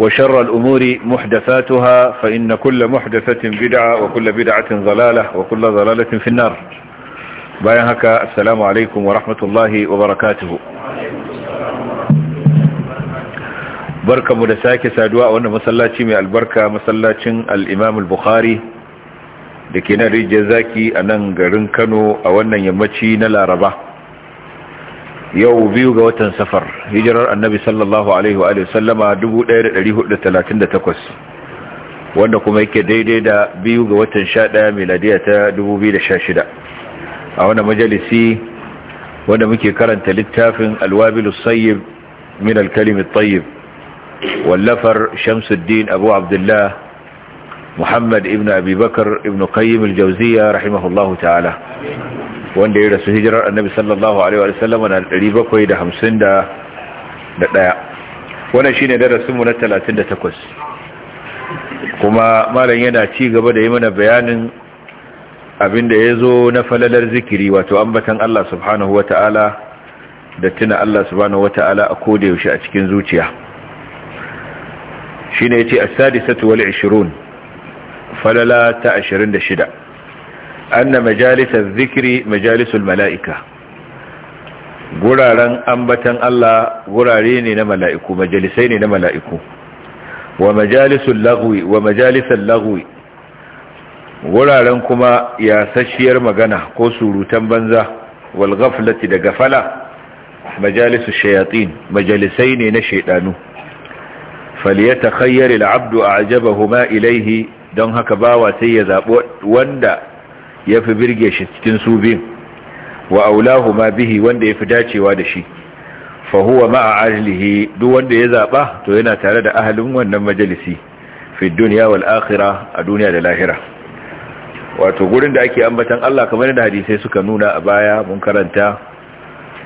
وشر الأمور محدثاتها فإن كل محدثة بدعة وكل بدعة ضلالة وكل ضلالة في النار بايهك السلام عليكم ورحمة الله وبركاته بركة مدساك سادواء وانا مسلاتي من البركة مسلاتي الإمام البخاري لكينا رجزاكي أنان غرنكنو أو أنان يمتشي نلا رباه yau biyu ga watan safar hijirar annabi sallallahu alaihi wa sallama 1438 wanda kuma yake daidai da biyu ga watan 11 miladiya ta 2016 a wani majalisi wanda muke karanta littafin alwabilu sayyib min alkalimi tayyib wallafar shamsuddin abu abdullah muhammad ibn abibakar ibn qayyim aljawziya rahimahullahu ta'ala wanda ya rasu hijirar annabi sallallahu alaihi wa sallam na 751 wannan shine mu na 38 kuma malam yana ci gaba da yi mana bayanin abinda ya zo na falalar zikiri wato ambatan Allah subhanahu wa ta'ala da tuna Allah subhanahu wa ta'ala a koda yaushe a cikin zuciya shine yace as-sadisatu wal 20 falala ta 26 anna majalisar zikiri majalisul mala'ika guraren ambatan Allah gurare ne na mala'iku majalisai ne na mala'iku wa majalisar lagwi wuraren kuma yasasshiyar magana ko surutan banza wal ghaflati da gafala majalisu shayatin majalisai ne na shaiɗanu. shaidanu falyatakhayyar al'abdu huma ilaihi don haka bawa sai ya zabo wanda ya fi birge shi cikin su wa aulahu ma bihi wanda ya fi dacewa da shi fahuwa ma'a ahlihi duk wanda ya zaɓa to yana tare da ahalin wannan majalisi fi duniya wal akhira a duniya da lahira wato gurin da ake ambatan Allah kamar da hadisai suka nuna a baya mun karanta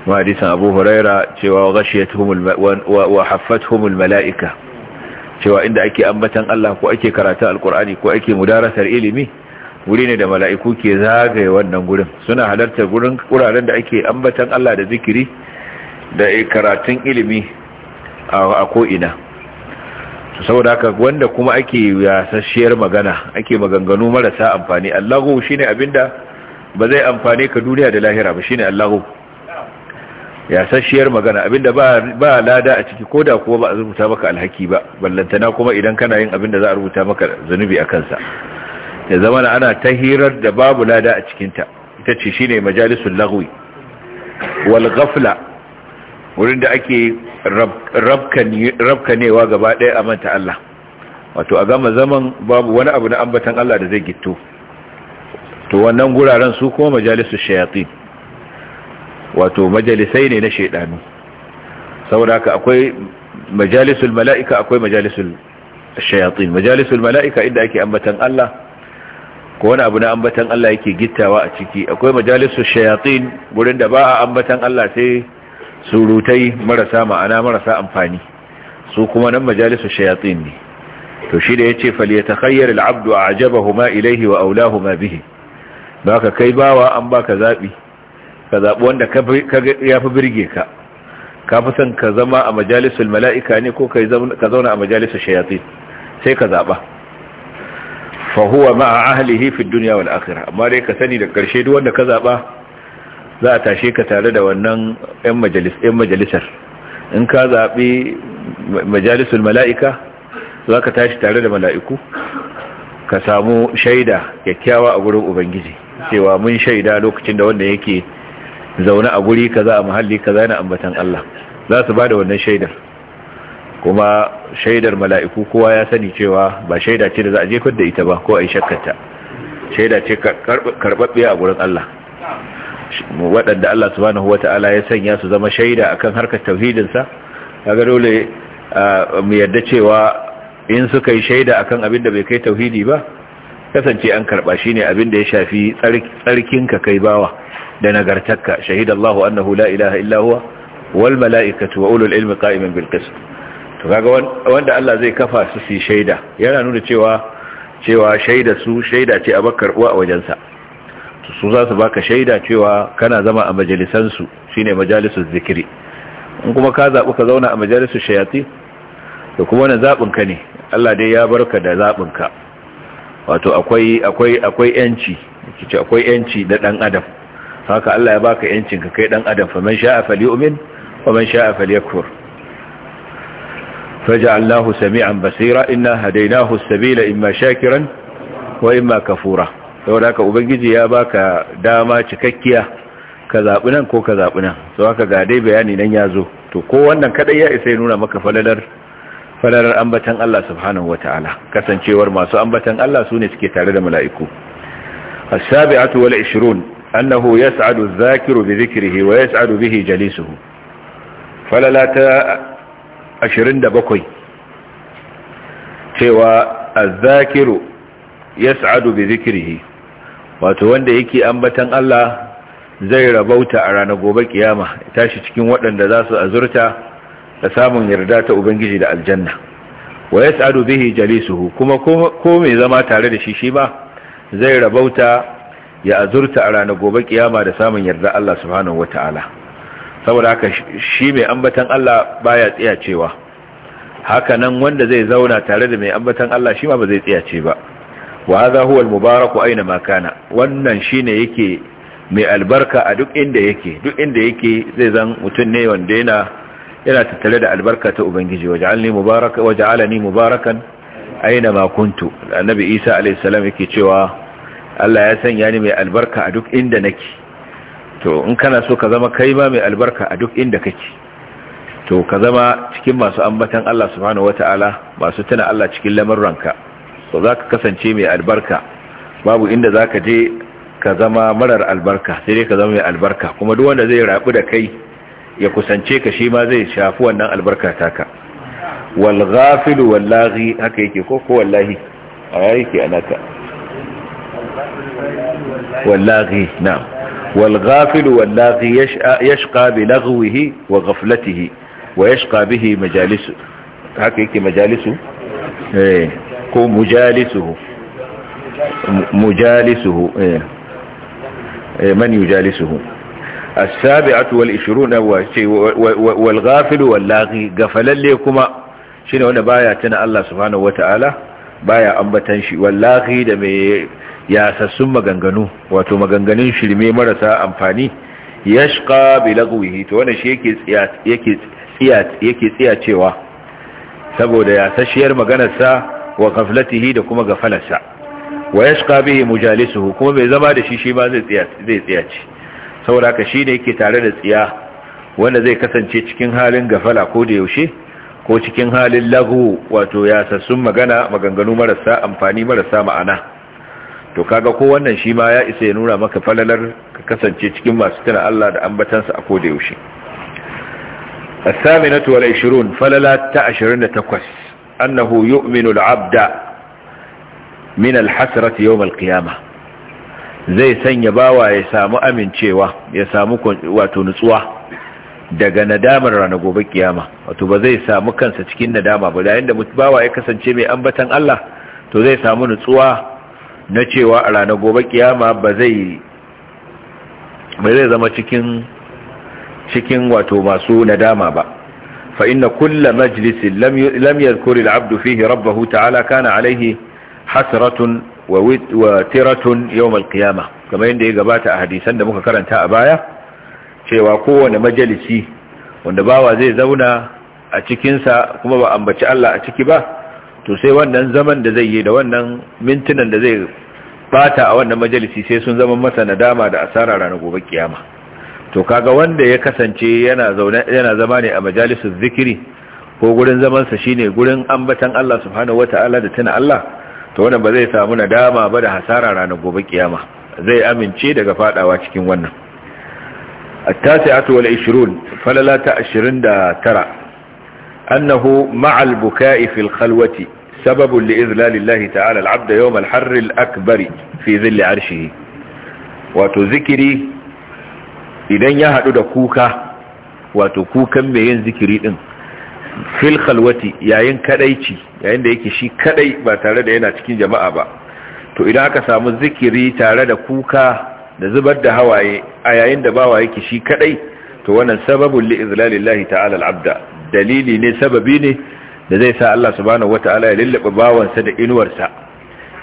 mu hadisan Abu Huraira cewa ghashiyatuhum wa malaika cewa inda ake ambatan Allah ko ake karatu alqur'ani ko ake mudarasar ilimi wuri ne da mala'iku ke zagaye wannan gurin suna halartar gurin wuraren da ake ambatan Allah da zikiri da karatun ilimi a ko'ina saboda haka wanda kuma ake yasasshiyar magana ake maganganu marasa amfani allahu shine abinda ba zai amfani ka duniya da lahira ba shine allahu yasasshiyar magana abinda ba lada a ciki koda kuwa ba a rubuta maka alhaki ba ballantana kuma idan kana yin abinda za a rubuta maka zunubi a kansa ya zama na ana ta hirar da babu lada a cikinta ita ce shine majalisul lagwi wal ghafla wurin da ake rabkanewa gaba ɗaya a manta Allah wato a gama zaman babu wani abu na ambatan Allah da zai gito to wannan guraren su kuma Majalisun shayatin wato majalisai ne na shaidanu saboda haka akwai majalisul mala'ika akwai majalisul shayatin majalisul mala'ika inda ake ambatan Allah ko wani abu na ambatan Allah yake gittawa a ciki akwai majalisu shayatin gurin da ba a ambatan Allah sai surutai marasa ma'ana marasa amfani su kuma nan majalisu shayatin ne to shi da yace la'Abdu al'abdu a'jabahuma ilayhi wa awlahuma bihi baka kai bawa an baka zabi ka zabi wanda yafi birge ka ka fi son ka zama a majalisul mala'ika ne ko ka zauna a majalisul shayatin sai ka zaba fa huwa a ahlihi fi dunya wal akhirah amma dai ka sani da karshe duk wanda ka zaba za a tashe ka tare da wannan ɗan majalis ɗan majalisar in ka zabi majalisul mala'ika za ka tashi tare da mala'iku ka samu shaida kyakkyawa a gurin ubangiji cewa mun shaida lokacin da wanda yake zaune a guri kaza a muhalli kaza na ambatan Allah za su bada wannan shaidar kuma shaidar mala'iku kowa ya sani cewa ba shaida ce da za a je da ita ba ko a yi shakkata shaida ce karɓaɓɓe a gurin Allah waɗanda Allah subhanahu wa ta'ala ya sanya su zama shaida akan harkar tauhidinsa kaga dole mu yarda cewa in suka yi shaida akan abin da bai kai tauhidi ba kasance an karɓa shi ne abin da ya shafi tsarkinka kai bawa da nagartarka shahidallahu annahu la ilaha illa huwa wal mala'ikatu wa ulul ilmi qa'iman bil qism to kaga wanda Allah zai kafa su su shaida yana nuna cewa cewa shaida su shaida ce a bakar uwa a wajensa su za su baka shaida cewa kana zama a majalisan su shine majalisu zikiri in kuma ka zabu ka zauna a majalisu shayati to kuma wannan zabin ka ne Allah dai ya barka da zabin ka wato akwai akwai akwai yanci kici akwai yanci da dan adam haka Allah ya baka yancin ka kai dan adam fa man sha'a falyu'min wa man sha'a falyakfur فجعلناه سميعا بصيرا إنا هديناه السبيل إما شاكرا وإما كفورا saboda ubangiji ya baka dama cikakkiya ka zaɓi nan ko ka zaɓi nan so haka ga dai bayani nan ya zo to ko wannan kadai ya isa ya nuna maka falalar falalar ambatan Allah subhanahu wataala kasancewar masu ambatan Allah sune suke tare da mala'iku as-sabi'atu wal 20 annahu yas'adu adh-dhakiru bi dhikrihi wa yas'adu bihi jalisuhu falala ta 27 cewa azzakiru yas'adu bi zikrihi wato wanda yake ambatan Allah zai rabauta a ranar gobe kiyama tashi cikin waɗanda za su azurta da samun yarda ta ubangiji da aljanna wa yas'adu bihi jalisuhu kuma ko mai zama tare da shi shi ba zai rabauta ya azurta a ranar gobe kiyama da samun yarda Allah subhanahu wataala saboda haka shi mai ambatan Allah baya tsayacewa. haka nan wanda zai zauna tare da mai ambatan Allah shi ma ba zai ce ba wa hadha huwa al-mubaraku aina ma kana wannan shine yake mai albarka a duk inda yake duk inda yake zai zan mutun ne wanda yana yana tattare da albarka ta ubangiji waj'alni mubarak waj'alani mubarakan aina ma kuntu annabi Isa alayhi salam yake cewa Allah ya sanya ni mai albarka a duk inda nake to in kana so ka zama kai ma mai albarka a duk inda kake to ka zama cikin masu ambatan Allah subhanahu wata'ala masu tana Allah cikin lamarranka to za ka kasance mai albarka babu inda za ka je ka zama marar albarka sai dai ka zama mai albarka kuma duk wanda zai rabu da kai ya kusance ka shi ma zai shafi wannan albarka taka wal wal wallahi haka yake ko ko wallahi ayi yake anaka wallahi na'am والغافل واللاغي يشقى بلغوه وغفلته ويشقى به مجالسه haka yake majalisu eh ko mujalisuhu mujalisuhu eh eh man yujalisuhu as-sabi'atu wal-ishruna wal-ghafilu wal-laghi gafalalle kuma shine wanda baya tuna Allah subhanahu baya ambatan shi wal da mai yasassun maganganu wato maganganun shirme marasa amfani ya bi lagwihi to wane shi yake tsiya cewa tsiyacewa saboda yasasshiyar maganarsa wa ghaflatihi da kuma gafalarsa wa ya shiƙa bihi mujalisuhu kuma bai zama da shi shi ma zai tsiyace saboda haka shi ne yake tare da tsiya wanda zai kasance cikin halin gafala ko da yaushe ko cikin halin lagu wato yasassun magana maganganu marasa amfani marasa ma'ana to kaga ko wannan shi ma ya isa ya nuna maka falalar ka kasance cikin masu tuna Allah da ambatansa a koda yaushe الثامنة والعشرون فللا تأشرن تكوس أنه يؤمن العبد من الحسرة يوم القيامة zai sanya bawa ya samu amincewa ya samu wato nutsuwa daga nadamar ranar gobe kiyama wato ba zai samu kansa cikin nadama ba da yanda bawa ya kasance mai ambatan Allah to zai samu nutsuwa na cewa a ranar gobe kiyama ba zai zama cikin cikin wato masu nadama ba fa inna kulla majlisin lam yadhkuri al-abdu fihi rabbahu ta'ala kana alayhi hasratun wa tiratun yawm al-qiyamah kamar yadda ya gabata a hadisan da muka karanta a baya cewa kowane majalisi wanda bawa zai zauna a cikinsa kuma ba ambaci Allah a ciki ba to sai wannan zaman da zai yi da wannan mintunan da zai bata a wannan majalisi sai sun zama masa nadama da asara ranar gobe kiyama to kaga wanda ya kasance yana zaune yana zama ne a majalisin zikiri ko gurin zaman sa shine gurin ambatan Allah subhanahu wataala da tana Allah to wannan ba zai samu nadama ba da hasara ranar gobe kiyama zai amince daga fadawa cikin wannan at-tasi'atu wal 20 falalata 29 annahu ma'al buka'i fil khalwati سبب لإذلال الله تعالى العبد يوم الحر الأكبر في ظل عرشه وتذكري إذن يهدد كوكا وتكوكا مين ذكري إن في الخلوة يعين كديتي يعين ديك شي كدي ما تارد ينا تكين جماعة با to idan aka samu zikiri tare da kuka da zubar da hawaye a yayin da bawa yake shi kadai to wannan sababul li izlalillahi ta'ala al'abda dalili ne sababi ne da zai sa Allah subhanahu wataala ya lullube bawansa da inuwarsa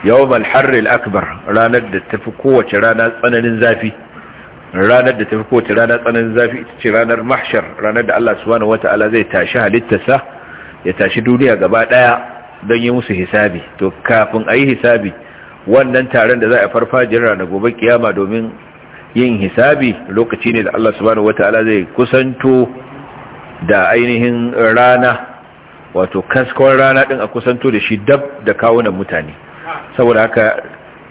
yawmal harril akbar ranar da tafi kowace rana tsananin zafi ranar da tafi kowace rana tsananin zafi ita ce ranar mahshar ranar da Allah subhanahu wataala zai tashi halittarsa ya tashi duniya gaba daya don yi musu hisabi to kafin a yi hisabi wannan taron da za a farfajiyar rana gobe kiyama domin yin hisabi lokaci ne da Allah subhanahu wataala zai kusanto da ainihin rana wato kaskon rana din a kusanto da shi dab da kawunan mutane saboda haka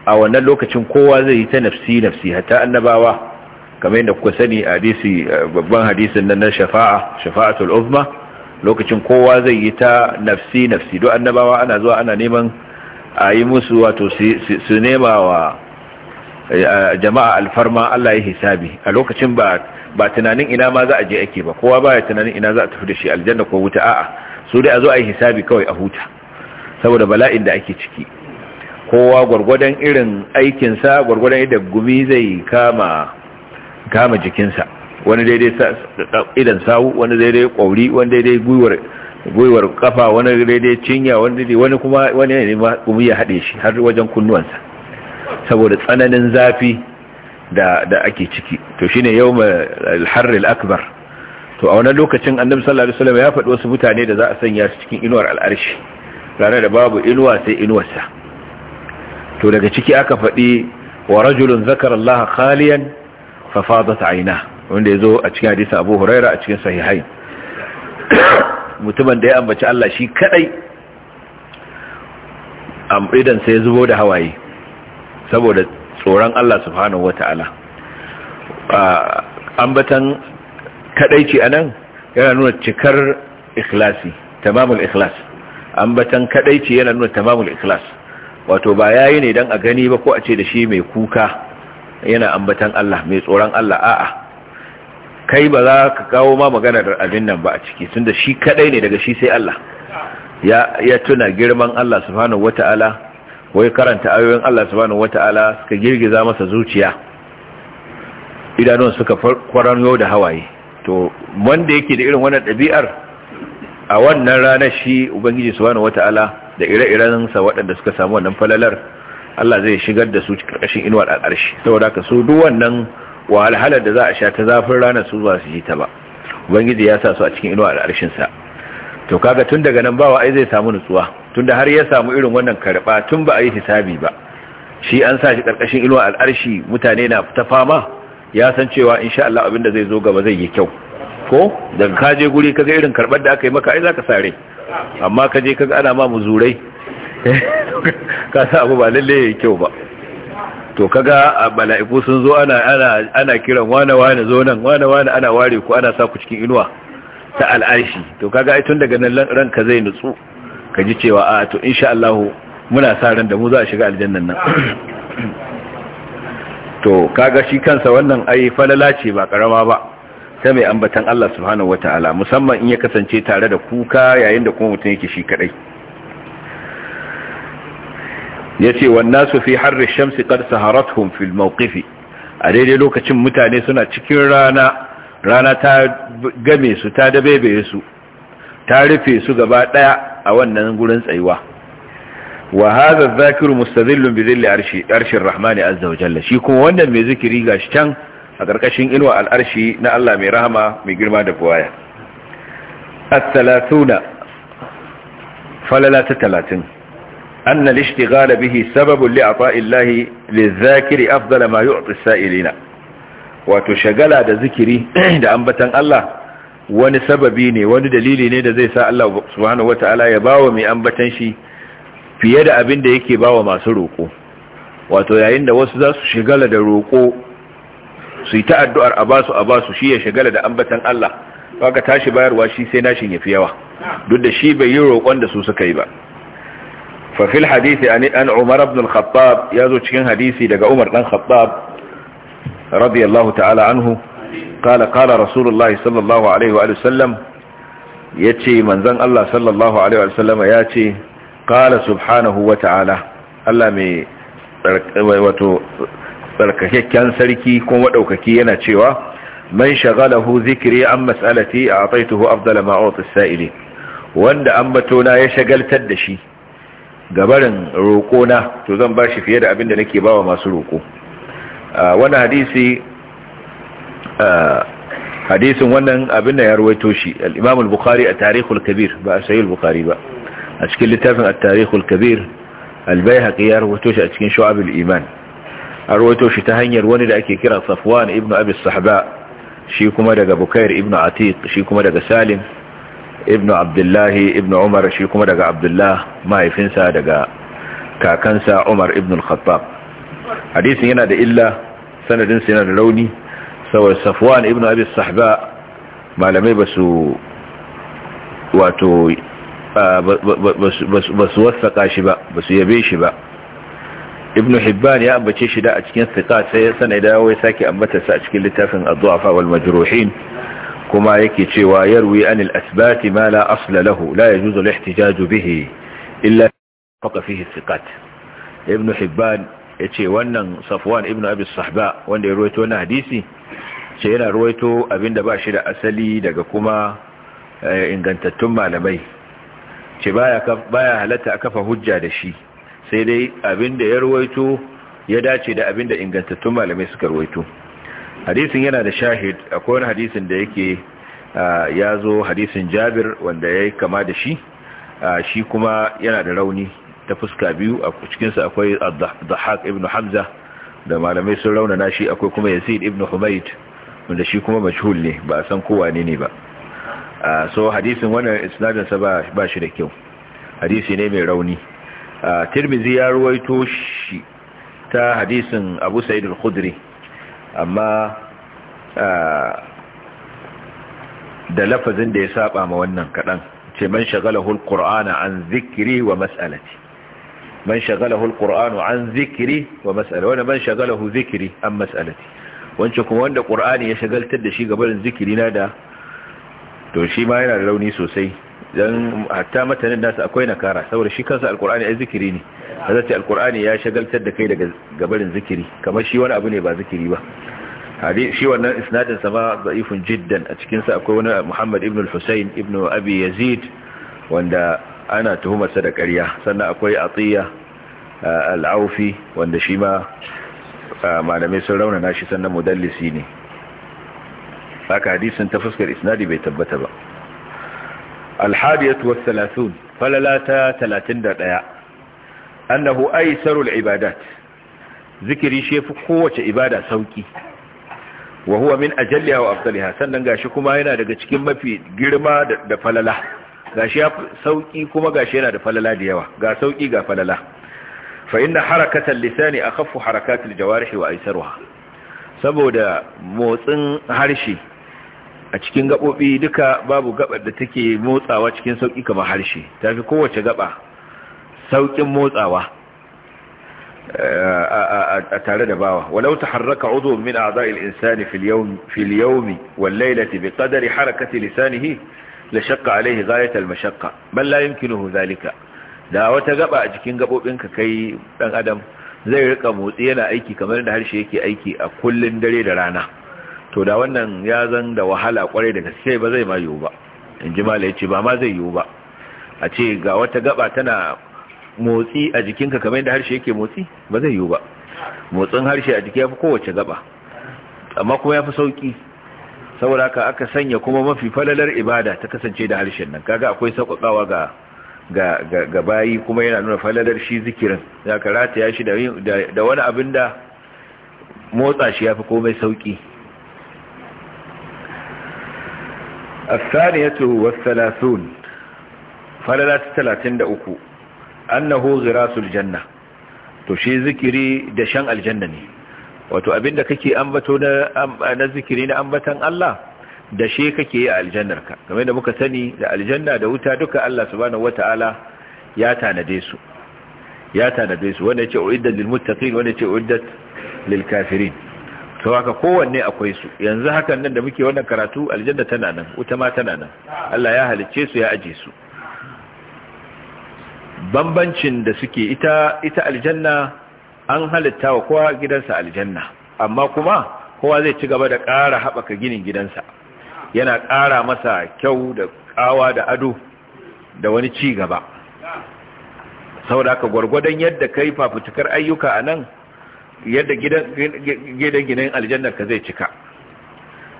a wannan lokacin kowa zai yi ta nafsi nafsi hatta annabawa kamar yadda kuka sani a hadisi babban hadisin nan na shafa'a shafa'atul uzma lokacin kowa zai yi ta nafsi nafsi duk annabawa ana zuwa ana neman a yi musu wato su nema wa eh, jama'a alfarma Allah ya hisabi a lokacin ba tunanin ina ma za a je ake ba kowa baya tunanin ina za a tafi da shi aljanna ko wuta a'a su dai a zo a yi hisabi kawai a huta saboda bala'in da ake ciki kowa gwargwadon irin aikinsa gwargwadon yadda gumi zai kama kama jikinsa wani daidai idan sawu wani daidai kwauri wani daidai gwiwar gwiwar kafa wani daidai cinya wani daidai wani kuma wani ne ma gumi ya haɗe shi har wajen kunnuwansa saboda tsananin zafi da da ake ciki to shine yawma al-harr al-akbar to a wani lokacin annabi sallallahu alaihi wasallam ya faɗi wasu mutane da za a sanya su cikin inuwar al'arshi ranar da babu inuwa sai inuwarsa to daga ciki aka faɗi wa rajulun zakara Allah khaliyan fa fadat ayna wanda yazo a cikin hadisi Abu Huraira a cikin sahihai mutumin da ya ambaci Allah shi kadai idan sai ya zubo da hawaye saboda tsoron Allah subhanahu wataala ambatan kadaici anan yana nuna cikar ikhlasi tamamul ikhlas ambatan kadaici yana nuna tamamul ikhlas wato ba yayi ne dan a gani ba ko a ce da shi mai kuka yana ambatan Allah mai tsoron Allah a'a kai ba za ka kawo ma magana da abin nan ba a ciki tunda shi kadai ne daga shi sai Allah ya ya tuna girman Allah subhanahu wataala wai karanta ayoyin Allah subhanahu wataala suka girgiza masa zuciya idanun suka kwaranyo da hawaye to wanda yake da irin wannan ɗabi'ar a wannan ranar shi ubangiji subhanahu wata'ala da ire iren sa waɗanda suka samu wannan falalar Allah zai shigar da su ƙarƙashin inuwar al'arshi saboda ka su duk wannan wahalhalar da za a sha ta zafin ranar su ba su ji ta ba ubangiji ya sa su a cikin inuwar al'arshin sa to kaga tun daga nan bawa ai zai samu nutsuwa tunda har ya samu irin wannan karba tun ba a yi hisabi ba shi an sa shi ƙarƙashin inuwar al'arshi mutane na ta fama ya san cewa insha Allah abin da zai zo gaba zai yi kyau ko dan ka je guri kaga irin karbar da aka yi maka ai zaka sare amma ka je kaga ana ma muzurai ka sa abu ba lalle yayi kyau ba to kaga mala'iku sun zo ana ana ana kiran wane wane zo nan wane wane ana ware ku ana sa ku cikin inuwa ta al'ashi to kaga ai tun daga nan ranka zai nutsu ka ji cewa a to insha Allah muna sa ran da mu za a shiga aljannan nan to kaga shi kansa wannan ai falala ce ba karama ba ta mai ambatan Allah subhanahu wata'ala musamman in ya kasance tare da kuka yayin da kuma mutum yake shi kadai yace wan nasu fi harri shamsi qad saharatuhum fil mawqif a daidai lokacin mutane suna cikin rana rana ta game su ta dabebe su ta rufe su gaba daya a wannan gurin tsayuwa Wahaza Zakiru adh-dhakiru mustadhillun bi dhilli arshi arshir rahmani shi kuma wannan mai zikiri gashi can a karkashin inuwa al'arshi na Allah mai rahama mai girma da buwaya at-thalathuna falala ta 30 anna al-ishtighal bihi sababun li ata'i Allah lidh-dhakiri afdal ma yu'ti as-sa'ilina wato shagala da zikiri da ambatan Allah wani sababi ne wani dalili ne da zai sa Allah subhanahu wataala ya bawa mai ambatan shi fiye da abin da yake bawa masu roƙo wato yayin da wasu za su shigala da roƙo su yi ta addu'ar a basu a basu shi ya shigala da ambatan Allah ba ka tashi bayarwa shi sai nashin ya fi yawa duk da shi bai yi roƙon da su suka yi ba Fafil hadisi a an Umar ibn al zo zo cikin hadisi daga Umar ɗan Khattab radiyallahu ta'ala anhu kala kala rasulullah sallallahu alaihi wa sallam ce manzon Allah sallallahu alaihi wa sallama ce. kala subhanahu wa ta'ala Allah mai wato tsarkakakken sarki kuma waɗaukaki yana cewa man shagalahu zikiri an mas'alati a afdala ma uti as-sa'ili wanda ambato na ya shagaltar da shi gabarin roko na to zan bashi fiye da abin da nake bawa masu roƙo. wani hadisi hadisin wannan abin ya ruwaito shi alimamul bukari bukhari a Tarikhul Kabir ba a Sahih bukari ba a cikin littafin a tarikhul kabir al haƙi ya rawaito shi a cikin shu'abul iman a rawaito shi ta hanyar wani da ake kira safwan ibn abis sahba shi kuma daga bukair ibn atiq shi kuma daga salim ibn abdullahi ibn umar shi kuma daga abdullah mahaifinsa daga kakansa umar ibn al-khattab hadisin yana da illa sanadin yana da rauni saboda safwan ibn abis sahba malamai ba su wato ba su wasaƙa shi ba ba su yabe shi ba ibn hibban ya ambace shi da a cikin siqa sai ya sanai da wai sake ambata sa a cikin littafin ad-du'afa wal majruhin kuma yake cewa yarwi anil asbat ma la asla lahu la yajuzu al-ihtijaj bihi illa faqa fihi siqat ibn hibban yace wannan safwan ibn abi sahba wanda ya ruwaito wannan hadisi ce yana ruwaito abinda ba shi da asali daga kuma eh, ingantattun malamai ce baya halatta a kafa hujja da shi sai dai abinda ya ruwaito ya dace da abinda ingantattun malamai suka ruwaito hadisin yana da shahid akwai wani hadisin da yake ya zo hadisin jabir wanda ya kama da shi shi kuma yana da rauni ta fuska biyu a cikinsa akwai haq ibn hamza da malamai sun na shi akwai kuma yasid ibn humaid wanda shi kuma mashul ne ba a san kowa ne ne ba so hadisin wannan isnadin sa ba shi da kyau hadisi ne mai rauni tirmizi ya ruwaito shi ta hadisin abu sa'id al-khudri amma da lafazin da ya saba ma wannan kadan ce man shagalahu al-qur'ana an zikri wa mas'alati man shagalahu al-qur'anu an zikri wa mas'alati wanda man shagalahu zikri an mas'alati wanda kuma wanda qur'ani ya shagaltar da shi gaban zikirina na da to shi ma yana da rauni sosai dan hatta matanin nasa akwai nakara saboda shi kansa alkur'ani ai zikiri ne zai alkur'ani ya shagaltar da kai daga gabarin zikiri kamar shi wani abu ne ba zikiri ba shi wannan isnadin sama ma jiddan a cikinsa akwai wani Muhammad ibn al ibn Abi Yazid wanda ana tuhumar sa da ƙarya sannan akwai Atiya al-Aufi wanda shi ma malamai sun raunana shi sannan mudallisi ne haka hadisin ta fuskar isnadi bai tabbata ba alhadiyatu was-salasun falalata 31 annahu aysarul ibadat zikiri shi fi kowace ibada sauki wa huwa min ajalliha wa afdaliha sannan gashi kuma yana daga cikin mafi girma da falala gashi ya sauki kuma gashi yana da falala da yawa ga sauki ga falala fa inna harakatal lisani akhaffu harakatil jawarih wa aysaruha saboda motsin harshe a cikin gaɓoɓi duka babu gaɓar da take motsawa cikin sauƙi kamar harshe ta fi kowace gaɓa sauƙin motsawa eh, a tare da bawa walau ta harraka uzo min a za'il insani fil yaumi wallailati bi qadari harakati lisanihi la shakka alaihi ghayatal mashakka bal la yumkinuhu zalika da wata gaba a cikin ka kai ɗan adam zai rika motsi yana aiki kamar da harshe yake aiki a kullun dare da rana to da wannan ya zan da wahala kwarai da gaske ba zai ma yiwu ba in ji mala ya ce ba ma zai yiwu ba a ce ga wata gaba tana motsi a jikinka kamar yadda harshe yake motsi ba zai yiwu ba motsin harshe a jiki ya fi kowace gaba amma kuma ya fi sauki saboda haka aka sanya kuma mafi falalar ibada ta kasance da harshen nan kaga akwai sauƙaƙawa ga ga ga bayi kuma yana nuna falalar shi zikirin ya karata ya shi da wani abin da motsa shi ya fi komai sauki الثانية والثلاثون فللات ثلاثين دعوكو أنه غراس الجنة تشي ذكري دشان الجنة wato abinda kake ambato na zikiri na ambatan Allah da she kake yi a aljannarka Kamar yadda muka sani da aljanna da wuta duka Allah subhanahu wataala ya tanade su ya tanade su wanda yace uiddat lil muttaqin wanda yace uiddat lil kafirin to haka kowanne akwai su yanzu hakan nan da muke wannan karatu aljanna tana nan wuta ma tana nan Allah ya halicce su ya aje su bambancin da suke ita ita aljanna an halitta wa kowa gidansa aljanna amma kuma kowa zai ci gaba da ƙara haɓaka ginin gidansa yana ƙara masa kyau da ƙawa da ado da wani ci gaba saboda haka gwargwadon yadda kai fafutukar ayyuka anan. yadda gidan ginin aljannar ka zai cika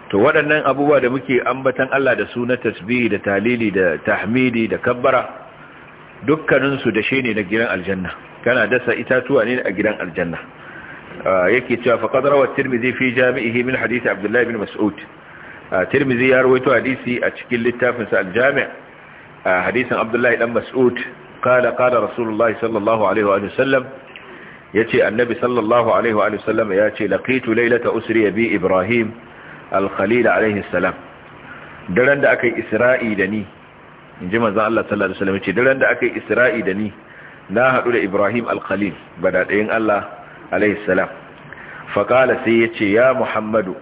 to waɗannan abubuwa da muke ambatan Allah da su na tasbihi da talili da tahmidi da kabbara dukkaninsu da shi ne na gidan aljanna kana dasa itatuwa ne a gidan aljanna ah, yake cewa faqad rawar tirmizi fi jami'ihi min hadisi abdullahi ibn mas'ud ah, tirmidhi ya rawaito hadisi a cikin littafinsa sa ah, hadisin abdullah dan mas'ud qala qala rasulullahi sallallahu alaihi wa sallam yace annabi sallallahu alaihi wa sallam yace laqitu laylata usri bi ibrahim al-khalil alaihi salam daren da yi isra'i da ni inji manzo Allah sallallahu alaihi wasallam yace daren da yi isra'i da ni na haɗu da ibrahim al bada badadayin Allah alaihi salam fa qala sai yace ya muhammadu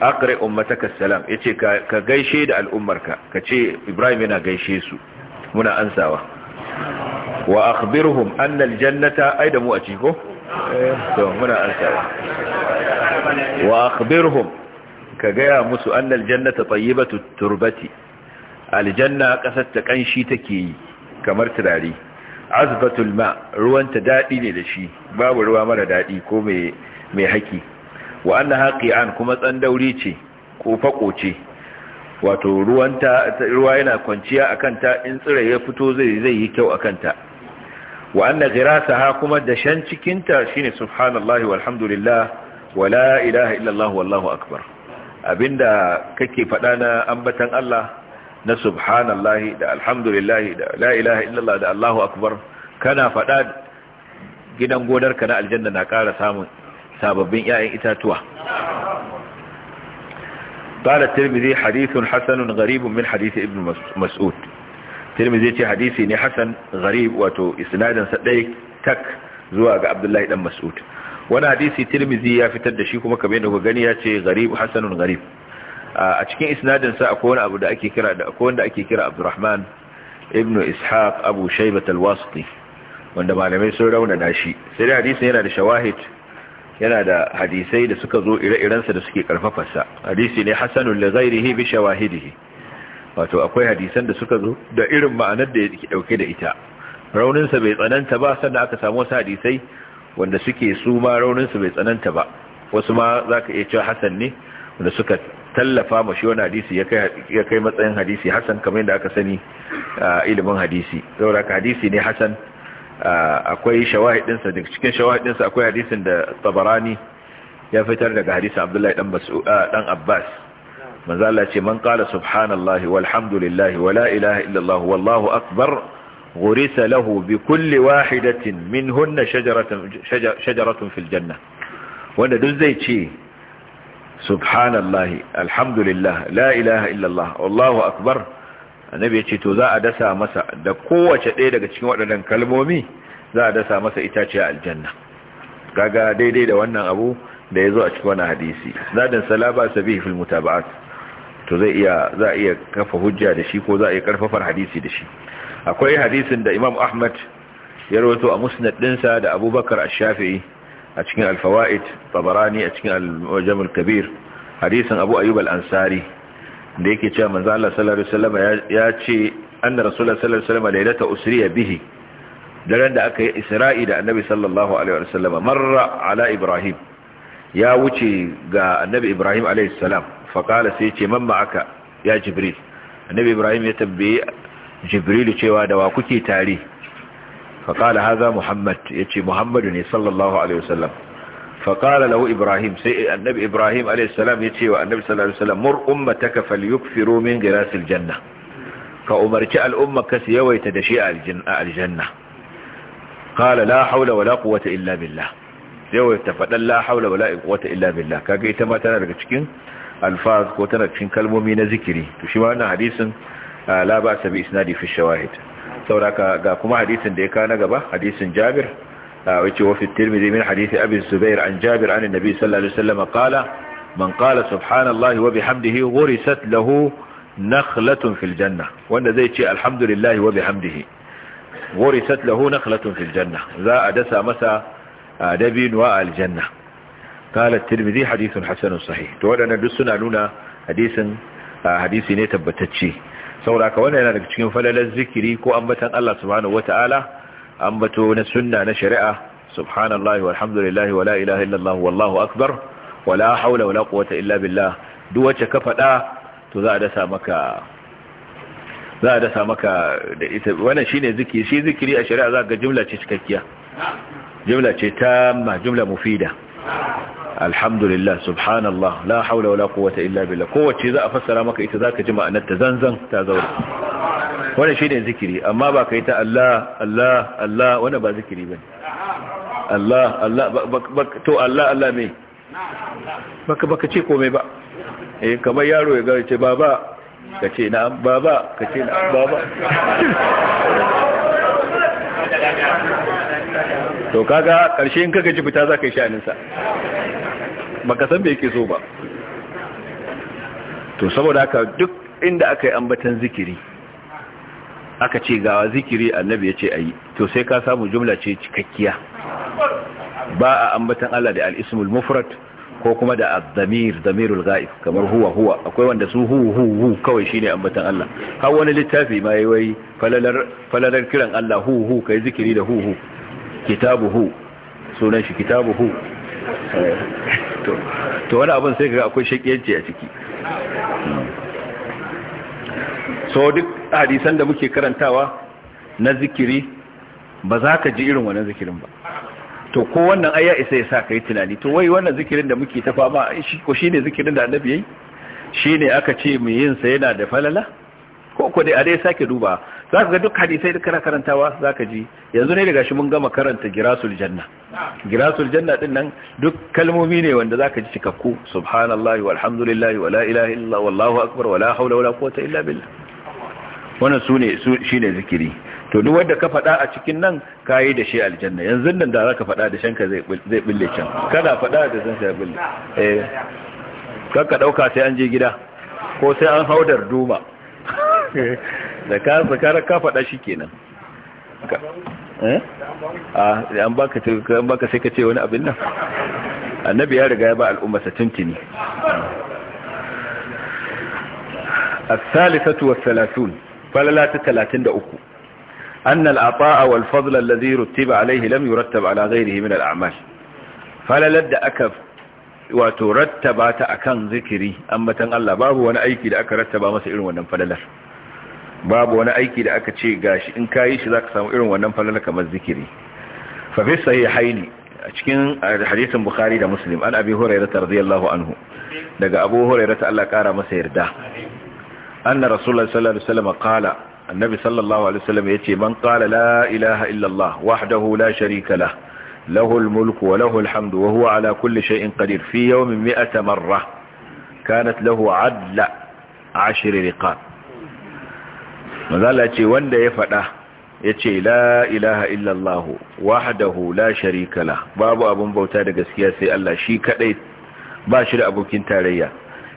aqri ummataka salam yace ka gaishe da al'ummarka kace ibrahim yana gaishe su muna ansawa wa akhbirhum anna aljannata ai da mu a ciko to muna ansawa wa ka gaya musu anna aljannata tayyibatu turbati aljanna kasar ta kanshi take yi kamar turare azbatul ma ruwanta dadi ne da shi babu ruwa mara dadi ko mai mai haki wa annaha qi'an kuma tsandauri ce ko fako ce wato ruwanta ruwa yana kwanciya a kanta in tsire ya fito zai zai yi kyau a kanta wa anna ghirasaha kuma dashen cikinta ta shine subhanallahi walhamdulillah wala ilaha illallah wallahu akbar abinda kake fada na ambatan Allah na subhanallahi da alhamdulillahi da la ilaha illallah da allahu akbar kana fada gidan godarka na aljanna na ƙara samun sababbin ƴaƴan itatuwa قال الترمذي حديث حسن غريب min حديث ابن مسعود tirmizi ce hadisi ne hasan gharib wato isnadin sa dai tak zuwa ga abdullahi dan mas'ud wani hadisi tirmizi ya fitar da shi kuma kamar yadda ku gani ya ce gharib hasanun gharib a cikin isnadin sa akwai wani abu da ake kira da akwai wanda ake kira abdurrahman ibnu ishaq abu shaiba al wanda malamai sun rauna da shi sai hadisi hadisin yana da shawahid yana da hadisai da suka zo ire-irensa da suke karfafarsa hadisi ne hasanun li ghairihi bi shawahidihi wato akwai hadisan da suka zo da irin ma'anar da yake dauke da ita rauninsa bai tsananta ba sannan aka samu wasu hadisai wanda suke su ma rauninsa bai tsananta ba wasu ma zaka iya cewa hasan ne wanda suka tallafa ma shi wani hadisi ya kai matsayin hadisi hasan kamar yadda aka sani a ilimin hadisi saboda ka hadisi ne hasan akwai sa daga cikin sa akwai hadisin da tabarani ya fitar daga hadisin abdullahi dan abbas manzo Allah ce man qala subhanallahi walhamdulillahi wala ilaha illallah wallahu akbar ghurisa lahu bi kulli wahidatin minhunna shajaratun shajaratun fil janna wanda duk zai ce subhanallahi alhamdulillah la ilaha illallah wallahu akbar annabi yace to za a dasa masa da kowace ɗaya daga cikin waɗannan kalmomi za a dasa masa itace a aljanna kaga daidai da wannan abu da yazo a cikin wannan hadisi zadan salaba sabihi fil mutaba'at to zai iya za iya kafa hujja da shi ko za iya karfafar hadisi da shi akwai hadisin da Imam Ahmad ya rawaito a Musnad dinsa da Abubakar Ash-Shafi'i a cikin Al-Fawaid Tabarani a cikin Al-Jam' al-Kabir hadisin Abu Ayyub al-Ansari da yake cewa manzo Allah sallallahu alaihi wasallam ya ce anna rasulullah sallallahu alaihi wasallam lailata usriya bihi daren da aka yi Isra'i da Annabi sallallahu alaihi wasallam marra ala Ibrahim ya wuce ga Annabi Ibrahim alaihi salam faƙala sai ce mamma aka ya jibril annabi ibrahim ya tambaye Jibril cewa da wa kuke tare faƙala haza muhammad ya ce muhammadu ne sallallahu alaihi wasallam faƙala lahu ibrahim sai annabi ibrahim alaihi salam ya ce wa annabi sallallahu alaihi wasallam mur ummataka falyukfiru min girasil janna ka umarci al'ummarka su yawaita da shi a aljanna qala la haula wala quwwata illa billah yawaita fadan la haula wala quwwata illa billah kaga ita ma tana daga cikin alfaz ko tana cikin kalmomi na zikiri to shi ma wannan hadisin la ba sa isnadi fi shawahid sauraka ga kuma hadisin da ya kana gaba hadisin Jabir wace wa fi Tirmidhi min hadisi Abi Zubair an Jabir an Nabi sallallahu alaihi wasallam qala man qala subhanallahi wa bihamdihi ghurisat lahu nakhlatun fil janna wanda zai ce alhamdulillahi wa bihamdihi ghurisat lahu nakhlatun fil janna za a dasa masa dabinuwa aljanna qala at-tirmidhi hadithun hasanun sahih to wadannan duk suna nuna hadisin hadisi ne tabbatacce saboda wannan yana daga cikin falalar zikiri ko ambatan Allah subhanahu wataala ambato na sunna na shari'a subhanallahi walhamdulillahi wala ilaha illallah wallahu akbar wala haula wala quwwata illa billah duk wacce ka fada to za a dasa maka za a dasa maka da ita wannan shine zikiri shi zikiri a shari'a za ga jumla ce cikakkiya jumla ce tamma jumla mufida alhamdulillah subhanallah la haula wala quwwata illa billah kowace za a fassara maka ita zaka ji ma'anar ta zanzan ta zaura wannan shine zikiri amma ba kai ta Allah Allah Allah wannan ba zikiri bane Allah Allah to Allah Allah me baka baka ce komai ba eh kamar yaro ya ga ce baba kace na baba kace na baba to kaga karshe in kaga ji fita za ka yi sha'aninsa baka san me yake so ba to saboda haka duk inda aka yi ambatan zikiri aka ce gawa zikiri annabi ya ce a yi to sai ka samu jumla ce cikakkiya ba a ambatan Allah da al'ismul mufrat ko kuma da azamir zamirul ga'if kamar huwa huwa akwai wanda su hu hu hu kawai shine ambatan Allah har wani littafi ma yayi falalar falalar kiran Allah hu hu yi zikiri da hu hu kitabuhu sunan shi kitabuhu to wani abin sai ga akwai shakiyanci a ciki so duk hadisan da muke karantawa na zikiri ba za ka ji irin wannan zikirin ba to ko wannan aya isa ya sa kai tunani to wai wannan zikirin da muke tafa ma ko shine zikirin da annabi yayi shine aka ce mai yin sa yana da falala ko ko dai a dai sake duba za ka ga duk hadisai da kana karantawa za ka ji yanzu ne daga shi mun gama karanta girasul janna girasul janna din nan duk kalmomi ne wanda za ka ji cikakku subhanallahi walhamdulillahi wala ilaha illallah wallahu akbar wala hawla wala quwwata illa billah wannan sune shine zikiri to duk wanda ka faɗa a cikin nan yi da shi aljanna yanzu nan da za ka faɗa da shanka zai zai bille can kada faɗa da zan sai bille eh kaka dauka sai an je gida ko sai an haudar duma da ka zakara ka faɗa shi kenan an baka an baka sai ka ce wani abin nan annabi ya riga ya ba al'umma sa tuntuni الثالثة والثلاثون فلا تتلاتين دا أكو أن العطاء والفضل الذي رتب عليه لم يرتب على غيره من الأعمال فلا لد أكف وترتبات أكن ذكري أما تنقل باب وانا أيكي لأك رتب مسئل ونم فللر babu wani aiki da aka ce gashi in kayi shi zaka samu irin wannan falala kamar zikiri fa fi sahihaini a cikin hadisin bukhari da muslim an abi hurairah radiyallahu anhu daga abu hurairah Allah kara masa yarda anna rasulullahi sallallahu alaihi wasallam qala annabi sallallahu alaihi wasallam yace man qala la ilaha illa allah wahdahu la sharika lah lahul mulku wa lahu alhamdu wa huwa ala kulli shay'in qadir fi yawmin 100 marra kanat lahu adla 10 riqab mazala ce wanda ya faɗa ya ce la ilaha illallahu wahdahu la sharika la babu abun bauta da gaskiya sai Allah shi kadai ba shi da abokin tarayya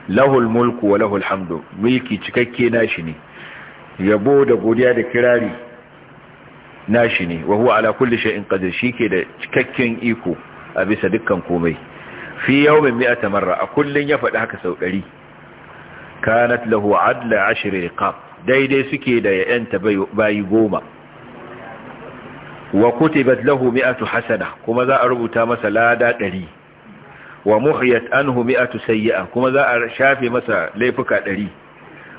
lahul mulku wa lahul hamdu mulki cikakke nashi ne yabo da godiya da kirari nashi ne wa huwa ala kulli shay'in qadir shike da cikakken iko a bisa dukkan komai fi yawmin mi'ata marra a kullun ya faɗi haka sau 100 kanat lahu adla 10 riqab daidai suke da 'ya'yanta bai bayi goma wa kutibat lahu mi'atu hasana kuma za a rubuta masa lada ɗari wa muhiyat anhu mi'atu sayyi'a kuma za a shafe masa laifuka ɗari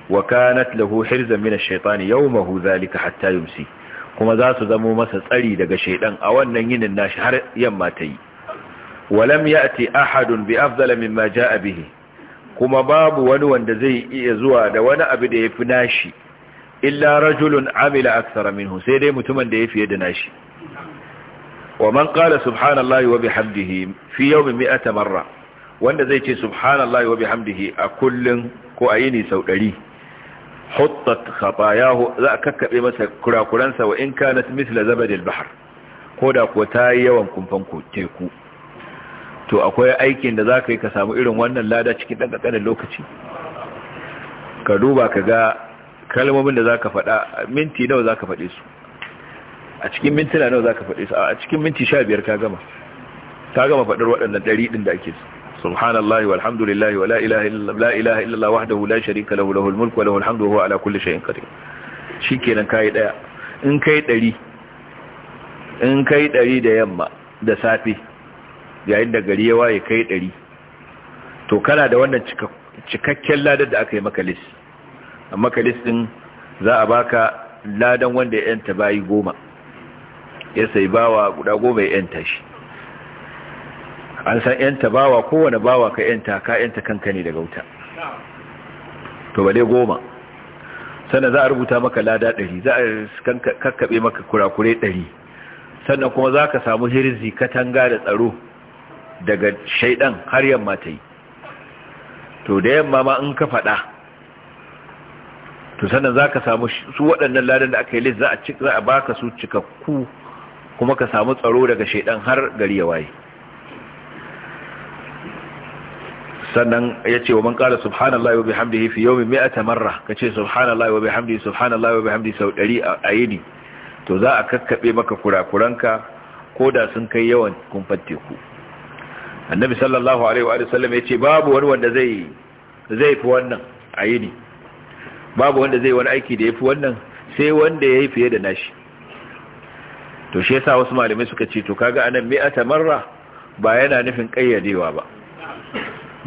wa kanat lahu hirzan min ash-shaytani yawmahu zalika hatta yumsi kuma za su zamo masa tsari daga shaidan a wannan yinin nashi har yamma ta yi walam ya'ti ahadun bi afdala mimma ja'a bihi kuma babu wani wanda zai iya zuwa da wani abu da ya fi nashi illa rajulun amila aksara minhu sai dai mutumin da ya fiye da nashi wa man kala subhanallah wa bihamdihi fi yawmin mi'ata marra wanda zai ce subhanallah wa bihamdihi a kullun ko a yini sau ɗari huttat khatayahu za a kakkabe masa kurakuransa wa in kanat mithla zabadil bahr koda ko tayi yawan kumfan teku to akwai aikin da za ka yi ka samu irin wannan lada cikin ƙaƙanin lokaci ka duba ka ga kalmomin da za ka faɗa minti nawa za ka faɗe su a cikin mintuna nawa za ka faɗe su a cikin minti sha biyar ka gama Ta gama faɗar waɗannan ɗari ɗin da ake su subhanallahi walhamdulillahi wa la ilaha illallah wahdahu la sharika lahu lahul mulku wa lahul hamdu wa huwa ala kulli shay'in qadir shikenan kai daya in kai ɗari in kai ɗari da yamma da safe yayin da gari ya waye kai ɗari to kana da wannan cikakken ladar da aka yi maka lis amma ka lis ɗin za a baka ladan wanda ya yanta bayi goma ya sai bawa guda goma ya yanta shi an san yanta bawa kowane bawa ka yanta ka yanta kanka ne daga wuta to ba dai goma sannan za a rubuta maka lada ɗari za a kakkaɓe maka kurakure ɗari sannan kuma za ka samu hirzi katanga da tsaro daga shaidan har yamma ta yi to da yamma ma in ka faɗa to sannan za ka samu su waɗannan ladan da aka yi za a baka su cikakku kuma ka samu tsaro daga shaidan har gari ya waye sannan ya ce wa man ƙara subhanallah wa bihamdihi fi yawmin mi'ata marra ce subhanallah wa bihamdihi subhanallah wa bihamdihi sau 100 a yini to za a kakkabe maka kurakuranka ko da sun kai yawan kumfatteku ku. annabi sallallahu alaihi wa sallam yace babu wani wanda zai zai fi wannan a yini babu wanda zai wani aiki da yafi wannan sai wanda ya yi fiye da nashi to shi yasa wasu malamai suka ce to kaga anan mi'ata marra ba yana nufin kayyadewa ba